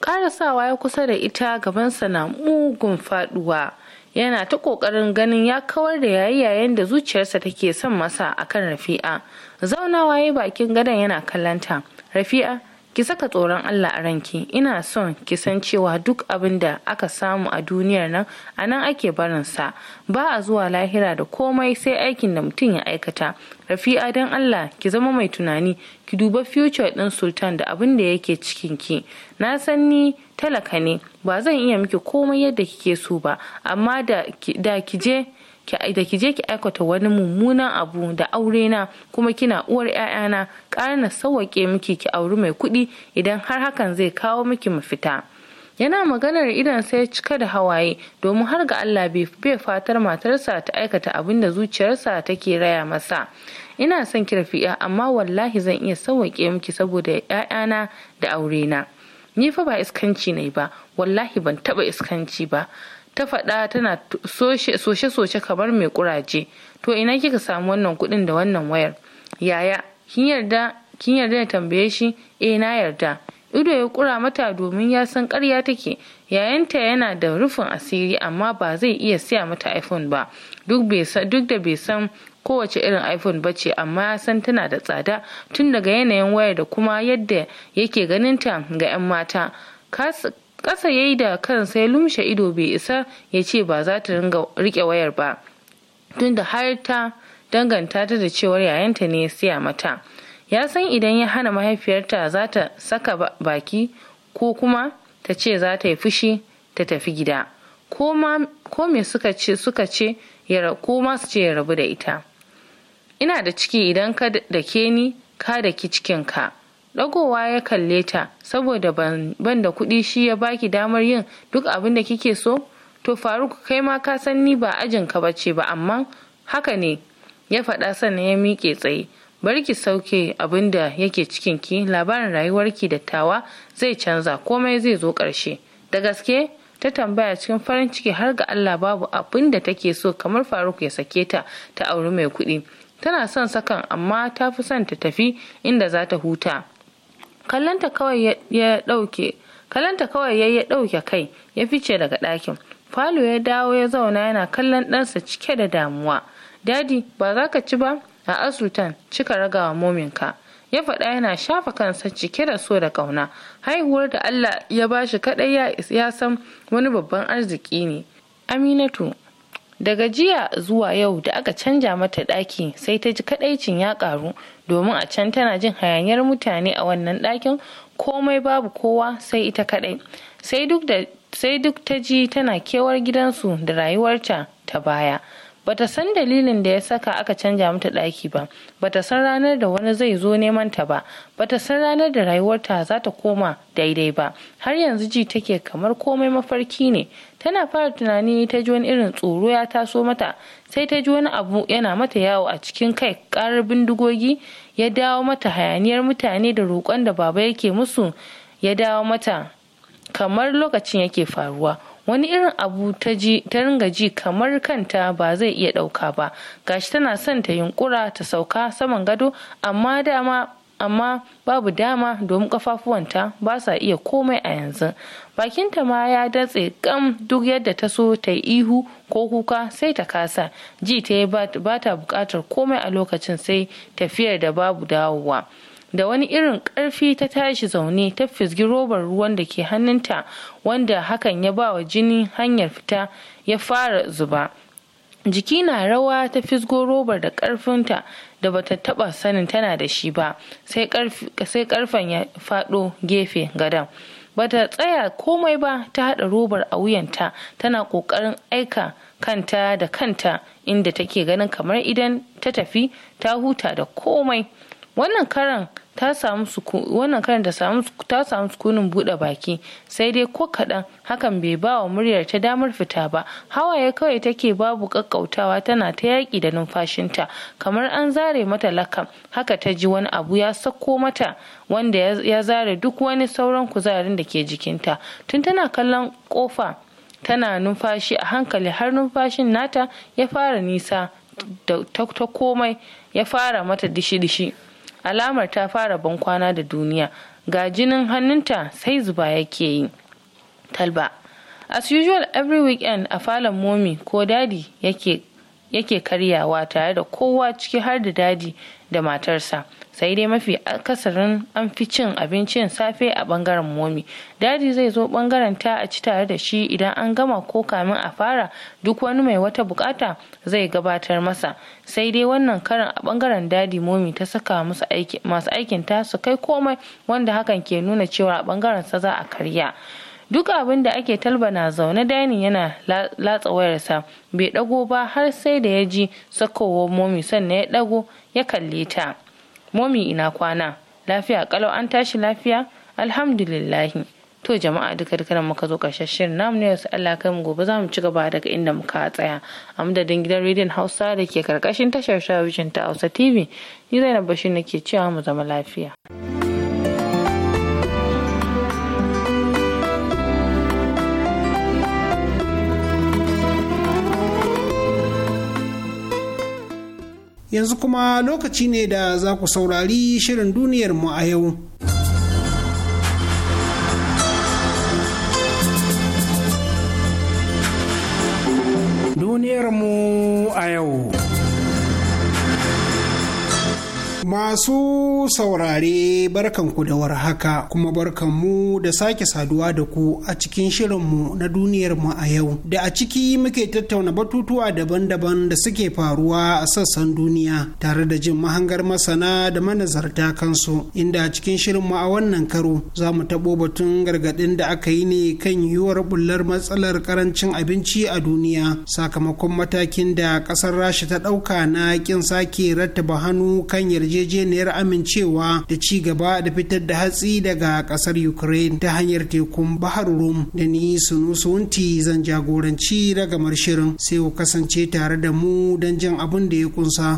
karasawa ya kusa da ita gabansa na mugun faduwa yana ta ƙoƙarin ganin ya kawar da yayi yayin da zuciyarsa take son masa akan rafi'a zaunawa ya bakin gadon yana kallanta rafi'a ki saka tsoron Allah a ranki ina son ki san cewa duk abin da aka samu a duniyar nan a nan ake barinsa ba a zuwa lahira da komai sai aikin da mutum ya aikata rafi'a don Allah ki zama mai tunani ki duba future din sultan da abin da yake cikin ki na san ni talaka ne ba zan iya miki komai yadda kike so ba amma da ki je da ki je ki aikata wani mummunan abu da aure na kuma kina uwar 'ya'yana na sawwake miki ki auri mai kuɗi idan har hakan zai kawo miki mafita yana maganar idan sai cika da hawaye domin har ga Allah bai fatar matarsa ta aikata abin da zuciyarsa take raya masa ina son kirfiya amma wallahi zan iya sawwake miki saboda 'ya'yana da aure na ni fa ba iskanci ne ba wallahi ban taɓa iskanci ba ta faɗa tana soshe-soshe kamar mai ƙuraje. to ina kika samu wannan kuɗin da wannan wayar yaya kin yarda kin yarda tambaye shi eh na yarda ido ya kura mata domin ya san karya take yayanta yana da rufin asiri amma ba zai iya siya mata iphone ba duk da bai san kowace irin iphone ba ce amma ya san tana da tsada tun daga yanayin wayar da kuma yadda yake ganinta ga 'yan mata ƙasa ya yi da kan sai lumshe ido bai isa ya ce ba za ta ringa rike wayar ba tunda har ta danganta ta da cewar yayanta ne ya siya mata ya san idan ya hana mahaifiyarta za ta saka baki ko kuma ta ce za ta yi fushi ta tafi gida ko me suka ce suka ce ko ma su ce ya rabu da ita ina da ciki idan ka da ke ni ka da ki cikinka ɗagowa ya kalle ta saboda ban da kuɗi shi ya baki damar yin duk abin da kike so to faruk kai ma ka san ni ba ajin ka bace ba amma haka ne ya faɗa sannan ya miƙe tsaye bari ki sauke abin da yake cikinki labarin rayuwarki da tawa zai canza komai zai zo ƙarshe da gaske ta tambaya cikin farin ciki har ga Allah babu abin da take so kamar faruk ya sake ta ta auri mai kuɗi tana son sakan amma ta fi son ta tafi inda za ta huta kallanta kawai ya ɗauke kallanta kawai ya ya ɗauke kai ya fice daga ɗakin falo ya dawo ya zauna yana kallon ɗansa cike da damuwa dadi ba za ka ci ba a asutan cika ragawa ka. ya faɗa yana shafa kansa cike da so da ƙauna haihuwar da allah ya bashi kaɗai ya san wani babban arziki ne aminatu daga jiya zuwa yau da aka canja mata ɗaki sai ta ji kaɗaicin ya ƙaru. domin a can tana jin hayaniyar mutane a wannan ɗakin komai babu kowa sai ita kaɗai sai duk ta ji tana kewar gidansu da rayuwarta ta baya bata san dalilin da ya saka aka canja mata ɗaki ba bata san ranar da wani zai zo neman ta ba bata san ranar da rayuwarta za ta koma daidai ba har yanzu ji take kamar komai mafarki ne tana fara tunani ta ji wani irin tsoro ya taso mata sai ta ji wani abu yana mata yawo a cikin kai karar bindigogi ya dawo mata hayaniyar mutane da roƙon da baba yake musu ya dawo mata kamar lokacin yake faruwa wani irin abu ta ji ta ringa ji kamar kanta ba zai iya ɗauka ba gashi tana son ta yunkura ta sauka saman gado amma dama amma babu dama domin kafafuwanta ba sa iya komai a yanzu bakinta ma ya datse kam duk yadda ta so ta yi ihu ko kuka sai ta kasa ji ta yi ba ta bukatar komai a lokacin sai tafiyar da babu dawowa da wani irin ƙarfi ta tashi zaune ta fisgi robar ruwan da ke hannunta wanda hakan ya ba wa jini hanyar fita ya fara zuba jiki na rawa ta fisgo robar da ƙarfinta da bata taba sanin tana da shi ba sai ƙarfen ya faɗo gefe gadan bata tsaya komai ba ta haɗa robar a wuyanta tana ƙoƙarin aika kanta da kanta inda take ganin kamar idan ta tafi ta huta da komai wannan karan ta samu ta samu sukunin bude baki sai dai ko kaɗan hakan bai ba wa muryar ta damar fita ba hawaye kawai take babu kakkautawa tana ta yaki da numfashinta kamar an zare mata lakam haka ta ji wani abu ya sako mata wanda ya zare duk wani sauran kuzarin da ke jikinta tun tana kallon ƙofa tana numfashi a hankali har numfashin nata ya fara nisa ta komai ya fara mata dishi-dishi alamar ta fara bankwana da duniya ga jinin hannunta sai zuba yake yi talba as usual every weekend a falon momi ko dadi yake yake karyawa tare da kowa ciki har da dadi da matarsa sai dai mafi akasarin an fi cin abincin safe a bangaren momi dadi zai zo bangaren ta a ci tare da shi idan an gama ko kamin a fara duk wani mai wata bukata zai gabatar masa sai dai wannan karin a bangaren dadi momi ta saka masu aikin ta su kai komai wanda hakan ke nuna cewa a bangaren sa za a karya duk abin da ake talbana zaune dani yana latsa wayarsa bai dago ba har sai da ya ji sakowar momi sannan ya dago ya kalle ta momi ina kwana lafiya kalau an tashi lafiya alhamdulillahi to jama'a duka duka muka zo karshen shirin namu ne wasu Allah kai mu gobe za mu ci gaba daga inda muka tsaya a madadin gidan rediyon Hausa da ke karkashin tashar talabijin ta Hausa TV ni Zainab Bashir nake cewa mu zama lafiya. yanzu kuma lokaci ne da za ku saurari shirin duniyar mu a yau. duniyar mu a yau. Masu saurare barkanku da war haka kuma barkanmu da sake saduwa da ku a cikin shirinmu na duniyarmu a yau da a ciki muke tattauna batutuwa daban-daban da suke faruwa a sassan duniya tare da jin mahangar masana da manazarta kansu inda a cikin shirinmu a wannan karo za mu taɓo batun gargaɗin da aka yi ne kan yiwuwar bullar matsalar karancin abinci a duniya sakamakon matakin da ƙasar rasha ta ɗauka na ƙin sake rattaba hannu kan yarjejeniya yarjejeniyar amincewa da ci gaba da fitar da hatsi daga kasar ukraine ta hanyar tekun bahar rum da ni sunu sunti zan jagoranci ragamar shirin sai ku kasance tare da mu don jan abin da ya kunsa.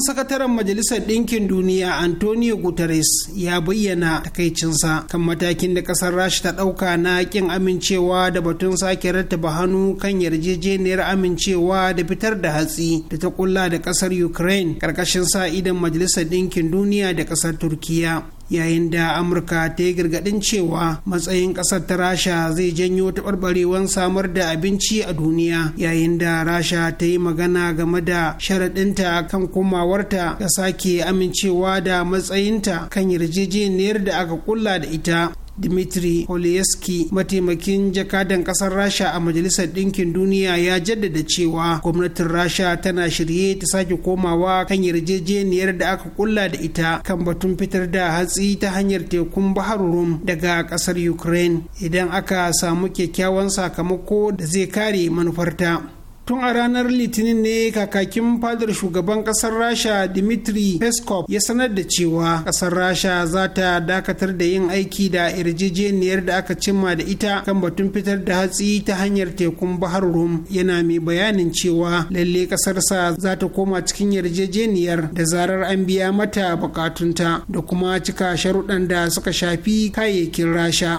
sakataren Majalisar Ɗinkin Duniya Antonio Guterres ya bayyana takaicinsa kan matakin da ƙasar Rasha ta ɗauka na ƙin amincewa da batun sake rattaba hannu kan yarjejeniyar amincewa da fitar da hatsi da ta kulla da ƙasar Ukraine ƙarƙashin sa idan Majalisar Ɗinkin Duniya da ƙasar Turkiya. yayin da amurka ta yi gargaɗin cewa matsayin ƙasar ta rasha zai janyo taɓarɓarewar samar da abinci a duniya yayin da rasha ta yi magana game da sharaɗinta kan komawarta ƙasa sake amincewa da matsayinta kan yarjejeniyar da aka kulla da ita dimitri holeski mataimakin jakadan kasar Rasha a Majalisar Ɗinkin Duniya ya jaddada cewa gwamnatin Rasha tana shirye ta sake komawa kan yarjejeniyar da aka kulla da ita kan batun fitar da hatsi ta hanyar tekun Bahar Rum daga kasar Ukraine idan aka samu kyakkyawan sakamako da zai kare manufarta. tun a ranar litinin ne kakakin fadar shugaban kasar rasha dimitri peskov ya sanar da cewa kasar rasha za ta dakatar da yin aiki da yarjejeniyar da aka cimma da ita kan batun fitar da hatsi ta hanyar tekun bahar rum yana mai bayanin cewa lalle kasarsa za ta koma cikin yarjejeniyar da zarar an biya mata bukatunta da kuma cika sharuɗan da suka shafi kayayyakin rasha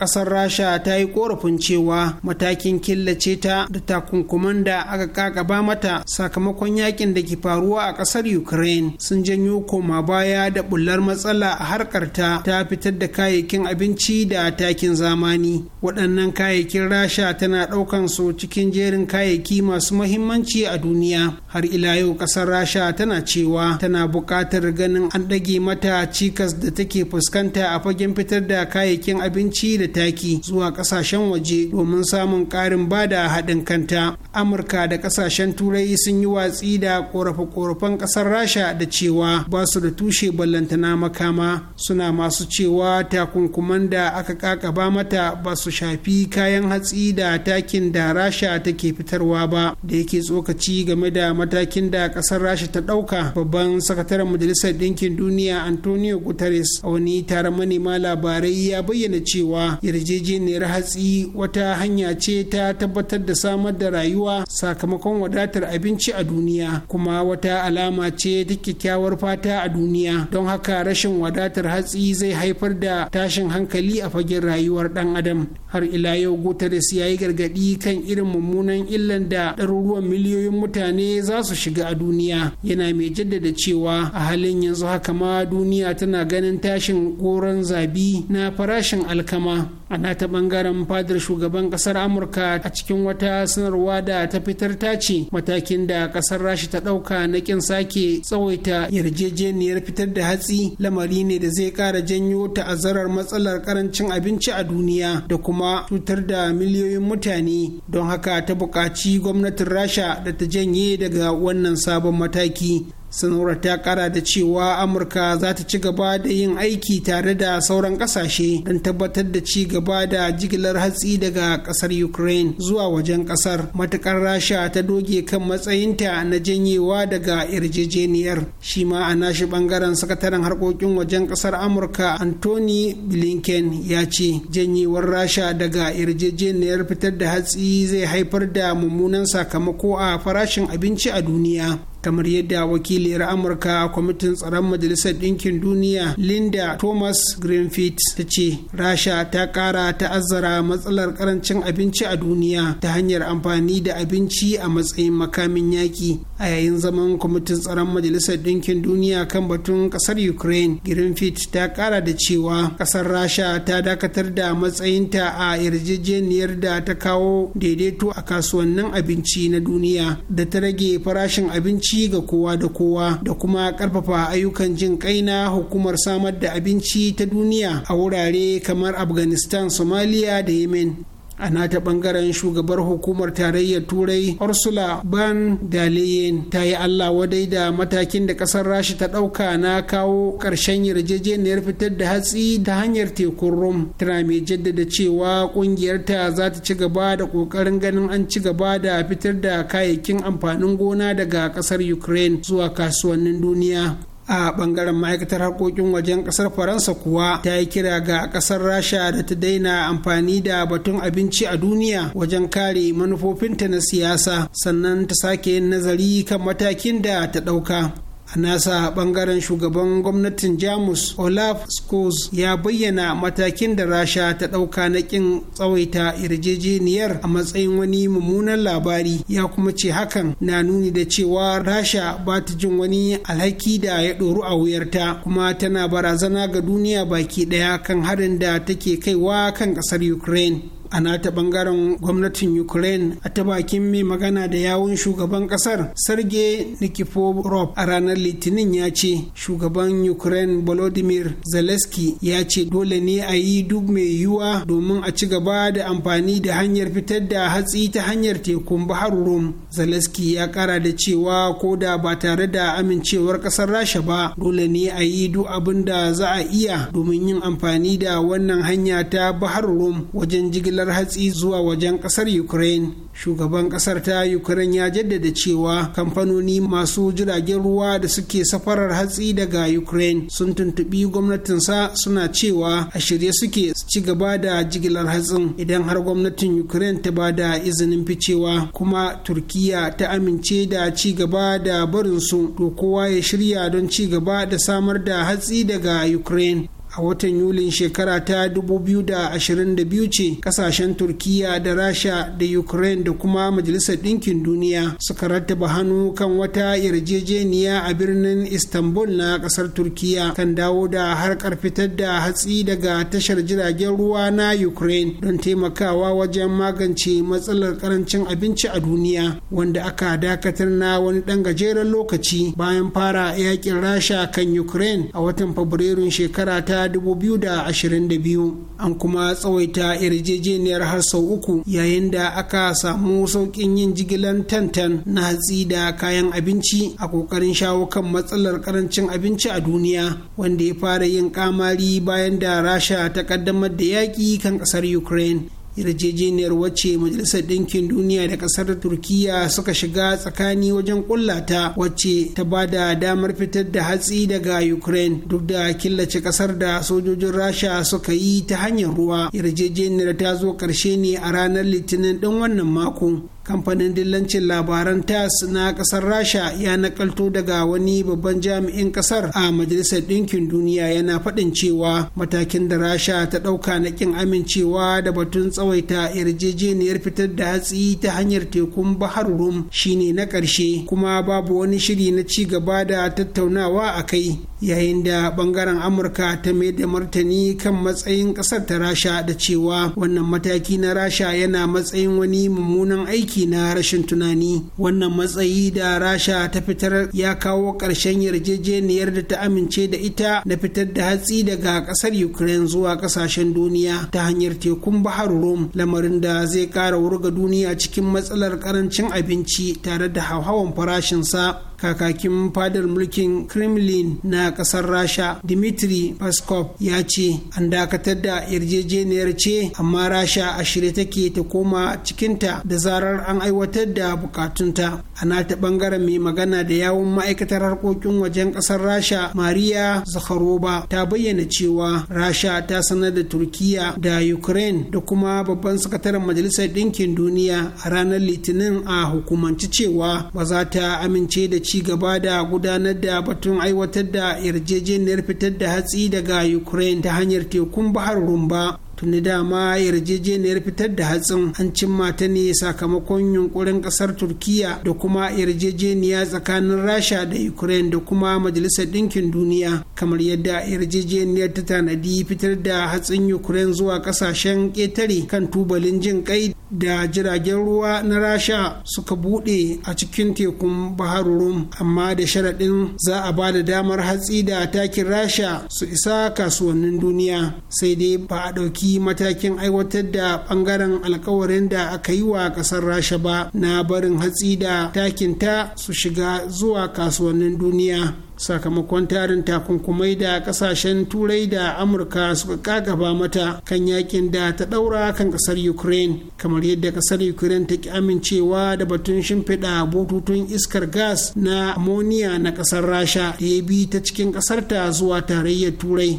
kasar rasha ta yi korafin cewa matakin killace ta da takunkuman da aka kakaba mata sakamakon yakin da ke faruwa a kasar ukraine sun janyo koma baya da bullar matsala a harkar ta ta fitar da kayayyakin abinci da takin zamani waɗannan kayayyakin rasha tana ɗaukan su cikin jerin kayayyaki masu muhimmanci a duniya har ila yau kasar rasha tana cewa tana buƙatar ganin an ɗage mata cikas da take fuskanta a fagen fitar da kayayyakin abinci da taki zuwa kasashen waje domin samun ƙarin da haɗin kanta amurka da kasashen turai sun yi watsi da korafe-korafen ƙasar rasha da cewa ba su da tushe ballantana makama suna masu cewa takunkuman da aka kakaba mata ba su shafi kayan hatsi da takin da rasha take fitarwa ba da yake tsokaci game da matakin da ƙasar rasha ta ɗauka babban sakataren majalisar ɗinkin duniya antonio guterres a wani taron manema labarai ya bayyana cewa yarjejeniyar hatsi wata hanya ce ta tabbatar da samar da rayuwa sakamakon wadatar abinci a duniya kuma wata alama ce ta kyakkyawar fata a duniya don haka rashin wadatar hatsi zai haifar da tashin hankali a fagen rayuwar dan adam har ila yau guterres ya yi gargadi kan irin mummunan illan da ɗaruruwan miliyoyin mutane za su shiga a duniya yana mai jaddada cewa a halin yanzu haka ma duniya tana ganin tashin goron zabi na farashin alkama ana a nata bangaren fadar shugaban kasar amurka a cikin wata sanarwa da ta fitar ta ce matakin da kasar rashi ta dauka na kin sake tsawaita yarjejeniyar fitar da hatsi lamari ne da zai kara janyo ta'azzarar matsalar karancin abinci a duniya da kuma cutar da miliyoyin mutane don haka ta buƙaci gwamnatin rasha da ta janye daga wannan sabon mataki sanarwar ta kara da cewa amurka za ta ci gaba da yin aiki tare da sauran kasashe don tabbatar da ci gaba da jigilar hatsi daga kasar ukraine zuwa wajen kasar matukar rasha ta doge kan matsayinta na janyewa daga yarjejeniyar shi ma a nashi bangaren sakataren harkokin wajen kasar amurka anthony blinken ya ce janyewar rasha daga yarjejeniyar fitar da hatsi zai haifar da mummunan sakamako a farashin abinci a duniya kamar yadda wakiliyar amurka a kwamitin tsaron majalisar ɗinkin duniya linda thomas greenfield ta ce rasha ta ƙara ta'azzara matsalar ƙarancin abinci a duniya ta hanyar amfani da abinci a matsayin makamin yaƙi a yayin zaman kwamitin tsaron majalisar ɗinkin duniya kan batun ƙasar ukraine greenfield ta ƙara da cewa ƙasar rasha ta dakatar da matsayinta a yarjejeniyar da ta kawo daidaito a kasuwannin abinci na duniya da ta rage farashin abinci abinci ga kowa da kowa da kuma karfafa ayyukan jin kai na hukumar samar da abinci ta duniya a wurare kamar afghanistan somalia da yemen a nata bangaren shugabar hukumar tarayyar turai ursula ban daleyen ta yi allah wadai da matakin da kasar rashi ta dauka na kawo karshen yarjejeniyar fitar da hatsi ta hanyar tekun rum tana mai jaddada cewa kungiyar ta za ta ci gaba da kokarin ganin an ci gaba da fitar da kayayyakin amfanin gona daga kasar ukraine zuwa kasuwannin duniya a bangaren ma'aikatar harkokin wajen kasar faransa kuwa ta yi kira ga kasar rasha da ta daina amfani da batun abinci a duniya wajen kare manufofinta na siyasa sannan ta sake yin nazari kan matakin da ta ɗauka a nasa bangaren shugaban gwamnatin jamus olaf scholz ya bayyana matakin da rasha ta ɗauka na ƙin tsawaita yarjejeniyar a matsayin wani mummunan labari ya kuma ce hakan na nuni da cewa rasha ba ta jin wani alhaki da ya ɗoru a wuyarta kuma tana barazana ga duniya baki ɗaya kan harin da take kaiwa kan ƙasar ukraine a nata bangaren gwamnatin ukraine a ta bakin mai magana da yawun shugaban kasar sarge nikiforov a ranar litinin ya ce shugaban ukraine volodymyr zelensky ya ce dole ne a yi duk mai yiwuwa domin a ci gaba da amfani da hanyar fitar da hatsi ta hanyar tekun bahar rum zelensky ya kara da cewa ko da ba tare da amincewar kasar rasha ba dole ne a yi duk abin da za a iya domin yin amfani da wannan hanya ta bahar rum wajen jigilar jigilar hatsi zuwa wajen kasar ukraine shugaban kasar ta ukraine ya jaddada cewa kamfanoni masu jiragen ruwa da suke safarar hatsi daga ukraine sun tuntubi gwamnatinsa suna cewa a shirye suke ci gaba da jigilar hatsin idan har gwamnatin ukraine ta ba da izinin ficewa kuma turkiya ta amince da ci gaba da barinsu to kowa ya shirya don ci gaba da samar da hatsi daga ukraine a watan yulin shekara ta 2022 ce kasashen turkiya da rasha da ukraine da kuma majalisar ɗinkin duniya suka rattaba hannu kan wata yarjejeniya a birnin istanbul na ƙasar turkiya kan dawo da harkar fitar da hatsi daga tashar jiragen ruwa na ukraine don taimakawa wajen magance matsalar karancin abinci a duniya wanda aka dakatar na wani ɗan gajeren lokaci bayan fara yakin rasha kan ukraine a watan fabrairun shekara ta 2022 an kuma tsawaita yarjejeniyar har sau uku yayin da aka samu sauƙin yin jigilar tantan na hatsi da kayan abinci a ƙoƙarin shawo kan matsalar ƙarancin abinci a duniya wanda ya fara yin kamari bayan da rasha ta ƙaddamar da yaƙi kan ƙasar ukraine yarjejeniyar wacce majalisar ɗinkin duniya da ƙasar turkiya suka shiga tsakani wajen ƙulla ta wacce ta ba da damar fitar da hatsi daga ukraine duk da killace ƙasar da sojojin rasha suka yi ta hanyar ruwa yarjejeniyar ta zo ƙarshe ne a ranar litinin ɗin wannan makon kamfanin dillancin labaran tas na kasar rasha ya nakalto daga wani babban jami'in kasar a majalisar ɗinkin duniya yana faɗin cewa matakin da rasha ta ɗauka na ƙin amincewa da batun tsawaita yarjejeniyar fitar da hatsi ta hanyar tekun bahar rum shine na ƙarshe kuma babu wani shiri na ci gaba da tattaunawa a kai yayin da bangaren amurka ta mai da martani kan matsayin ƙasar ta rasha da cewa wannan mataki na rasha yana matsayin wani mummunan aiki aiki na rashin tunani wannan matsayi da rasha ta fitar ya kawo ƙarshen yarjejeniyar da ta amince da ita na fitar da hatsi daga ƙasar ukraine zuwa ƙasashen duniya ta hanyar tekun bahar rum lamarin da zai ƙara wurga duniya cikin matsalar ƙarancin abinci tare da hauhawan farashinsa kakakin fadar mulkin kremlin na kasar rasha Dimitri peskov ya ce an dakatar da yarjejeniyar ce amma rasha a shirye take ta koma cikinta da zarar an aiwatar da bukatunta a nata bangaren mai magana da yawon ma'aikatar harkokin wajen kasar rasha maria zakharova ta bayyana cewa rasha ta sanar da turkiya da ukraine da kuma babban sakataren majalisar ɗinkin duniya a ranar litinin a hukumance cewa ba za ta amince da ci gaba da gudanar da batun aiwatar da yarjejeniyar fitar da hatsi daga ukraine ta hanyar tekun bahar rumba tuni dama yarjejeniyar fitar da hatsin an cimma ta ne sakamakon yunkurin kasar turkiya da kuma yarjejeniya tsakanin rasha da ukraine da kuma majalisar ɗinkin duniya kamar yadda yarjejeniyar ta tanadi fitar da hatsin ukraine zuwa kasashen ƙetare kan tubalin jin kai da jiragen ruwa na rasha suka buɗe a cikin tekun bahar rum amma da sharaɗin za a ba da damar hatsi da takin rasha su isa kasuwannin duniya sai dai ba a ɗauki matakin aiwatar da bangaren alkawarin da aka yi wa ƙasar rasha ba na barin hatsi da takin ta su shiga zuwa kasuwannin duniya sakamakon tarin takunkumai da kasashen turai da amurka suka kagaba mata kan yakin da ta daura kan kasar ukraine kamar yadda kasar ukraine ta ki amincewa da batun shimfiɗa bututun iskar gas na ammonia na kasar rasha da ya bi ta cikin kasarta zuwa tarayyar turai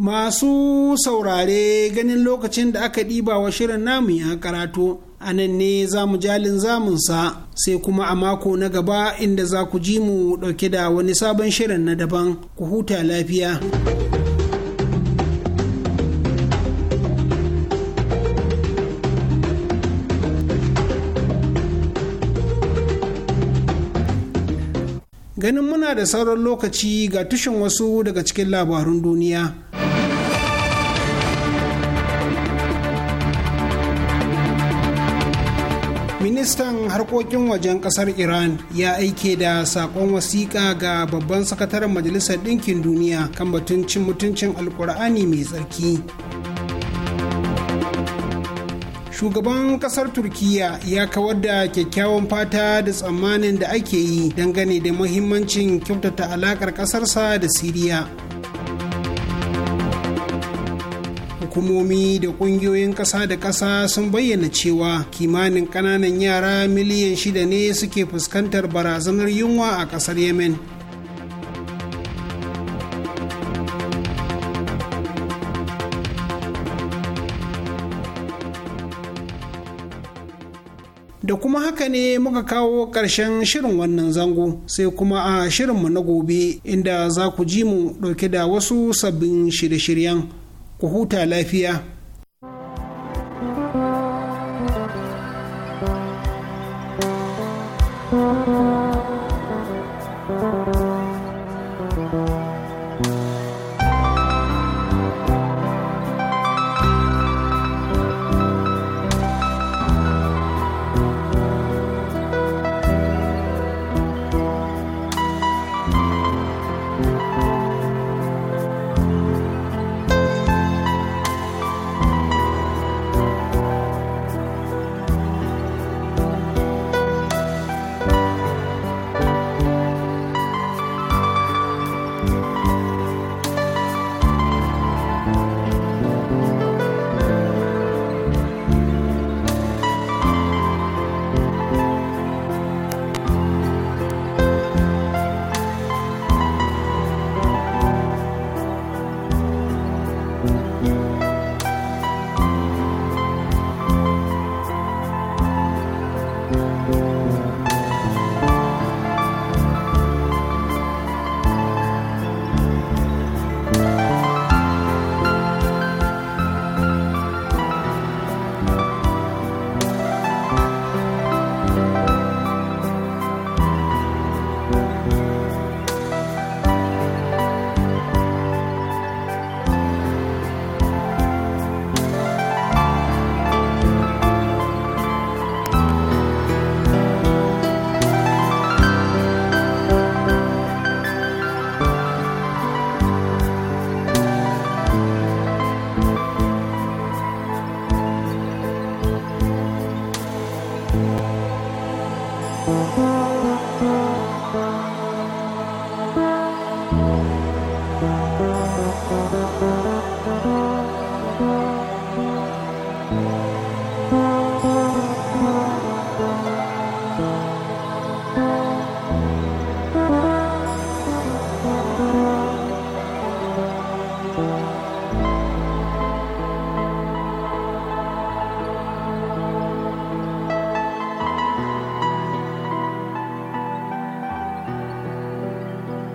Masu saurare ganin lokacin da aka ɗiba wa shirin namu ya karatu a nan ne za mu jalin zamunsa sai kuma a mako na gaba inda za ku ji mu ɗauke da wani sabon shirin na daban ku huta lafiya. ganin muna da sauran lokaci ga tushen wasu daga cikin labarun duniya ministan harkokin wajen kasar iran ya aike da sakon wasiƙa ga babban sakataren majalisar ɗinkin duniya kan batun cin mutuncin alkur'ani mai tsarki shugaban kasar turkiya ya kawar da kyakkyawan fata da tsammanin da ake yi dangane da muhimmancin kyautata alakar kasarsa da siriya hukumomi da kungiyoyin kasa da kasa sun bayyana cewa kimanin kananan yara miliyan shida ne suke fuskantar barazanar yunwa a kasar yemen da kuma haka ne muka kawo ƙarshen shirin wannan zango sai kuma a shirinmu na gobe inda za ku ji mu ɗauke da wasu sabbin shirye-shiryen ku huta lafiya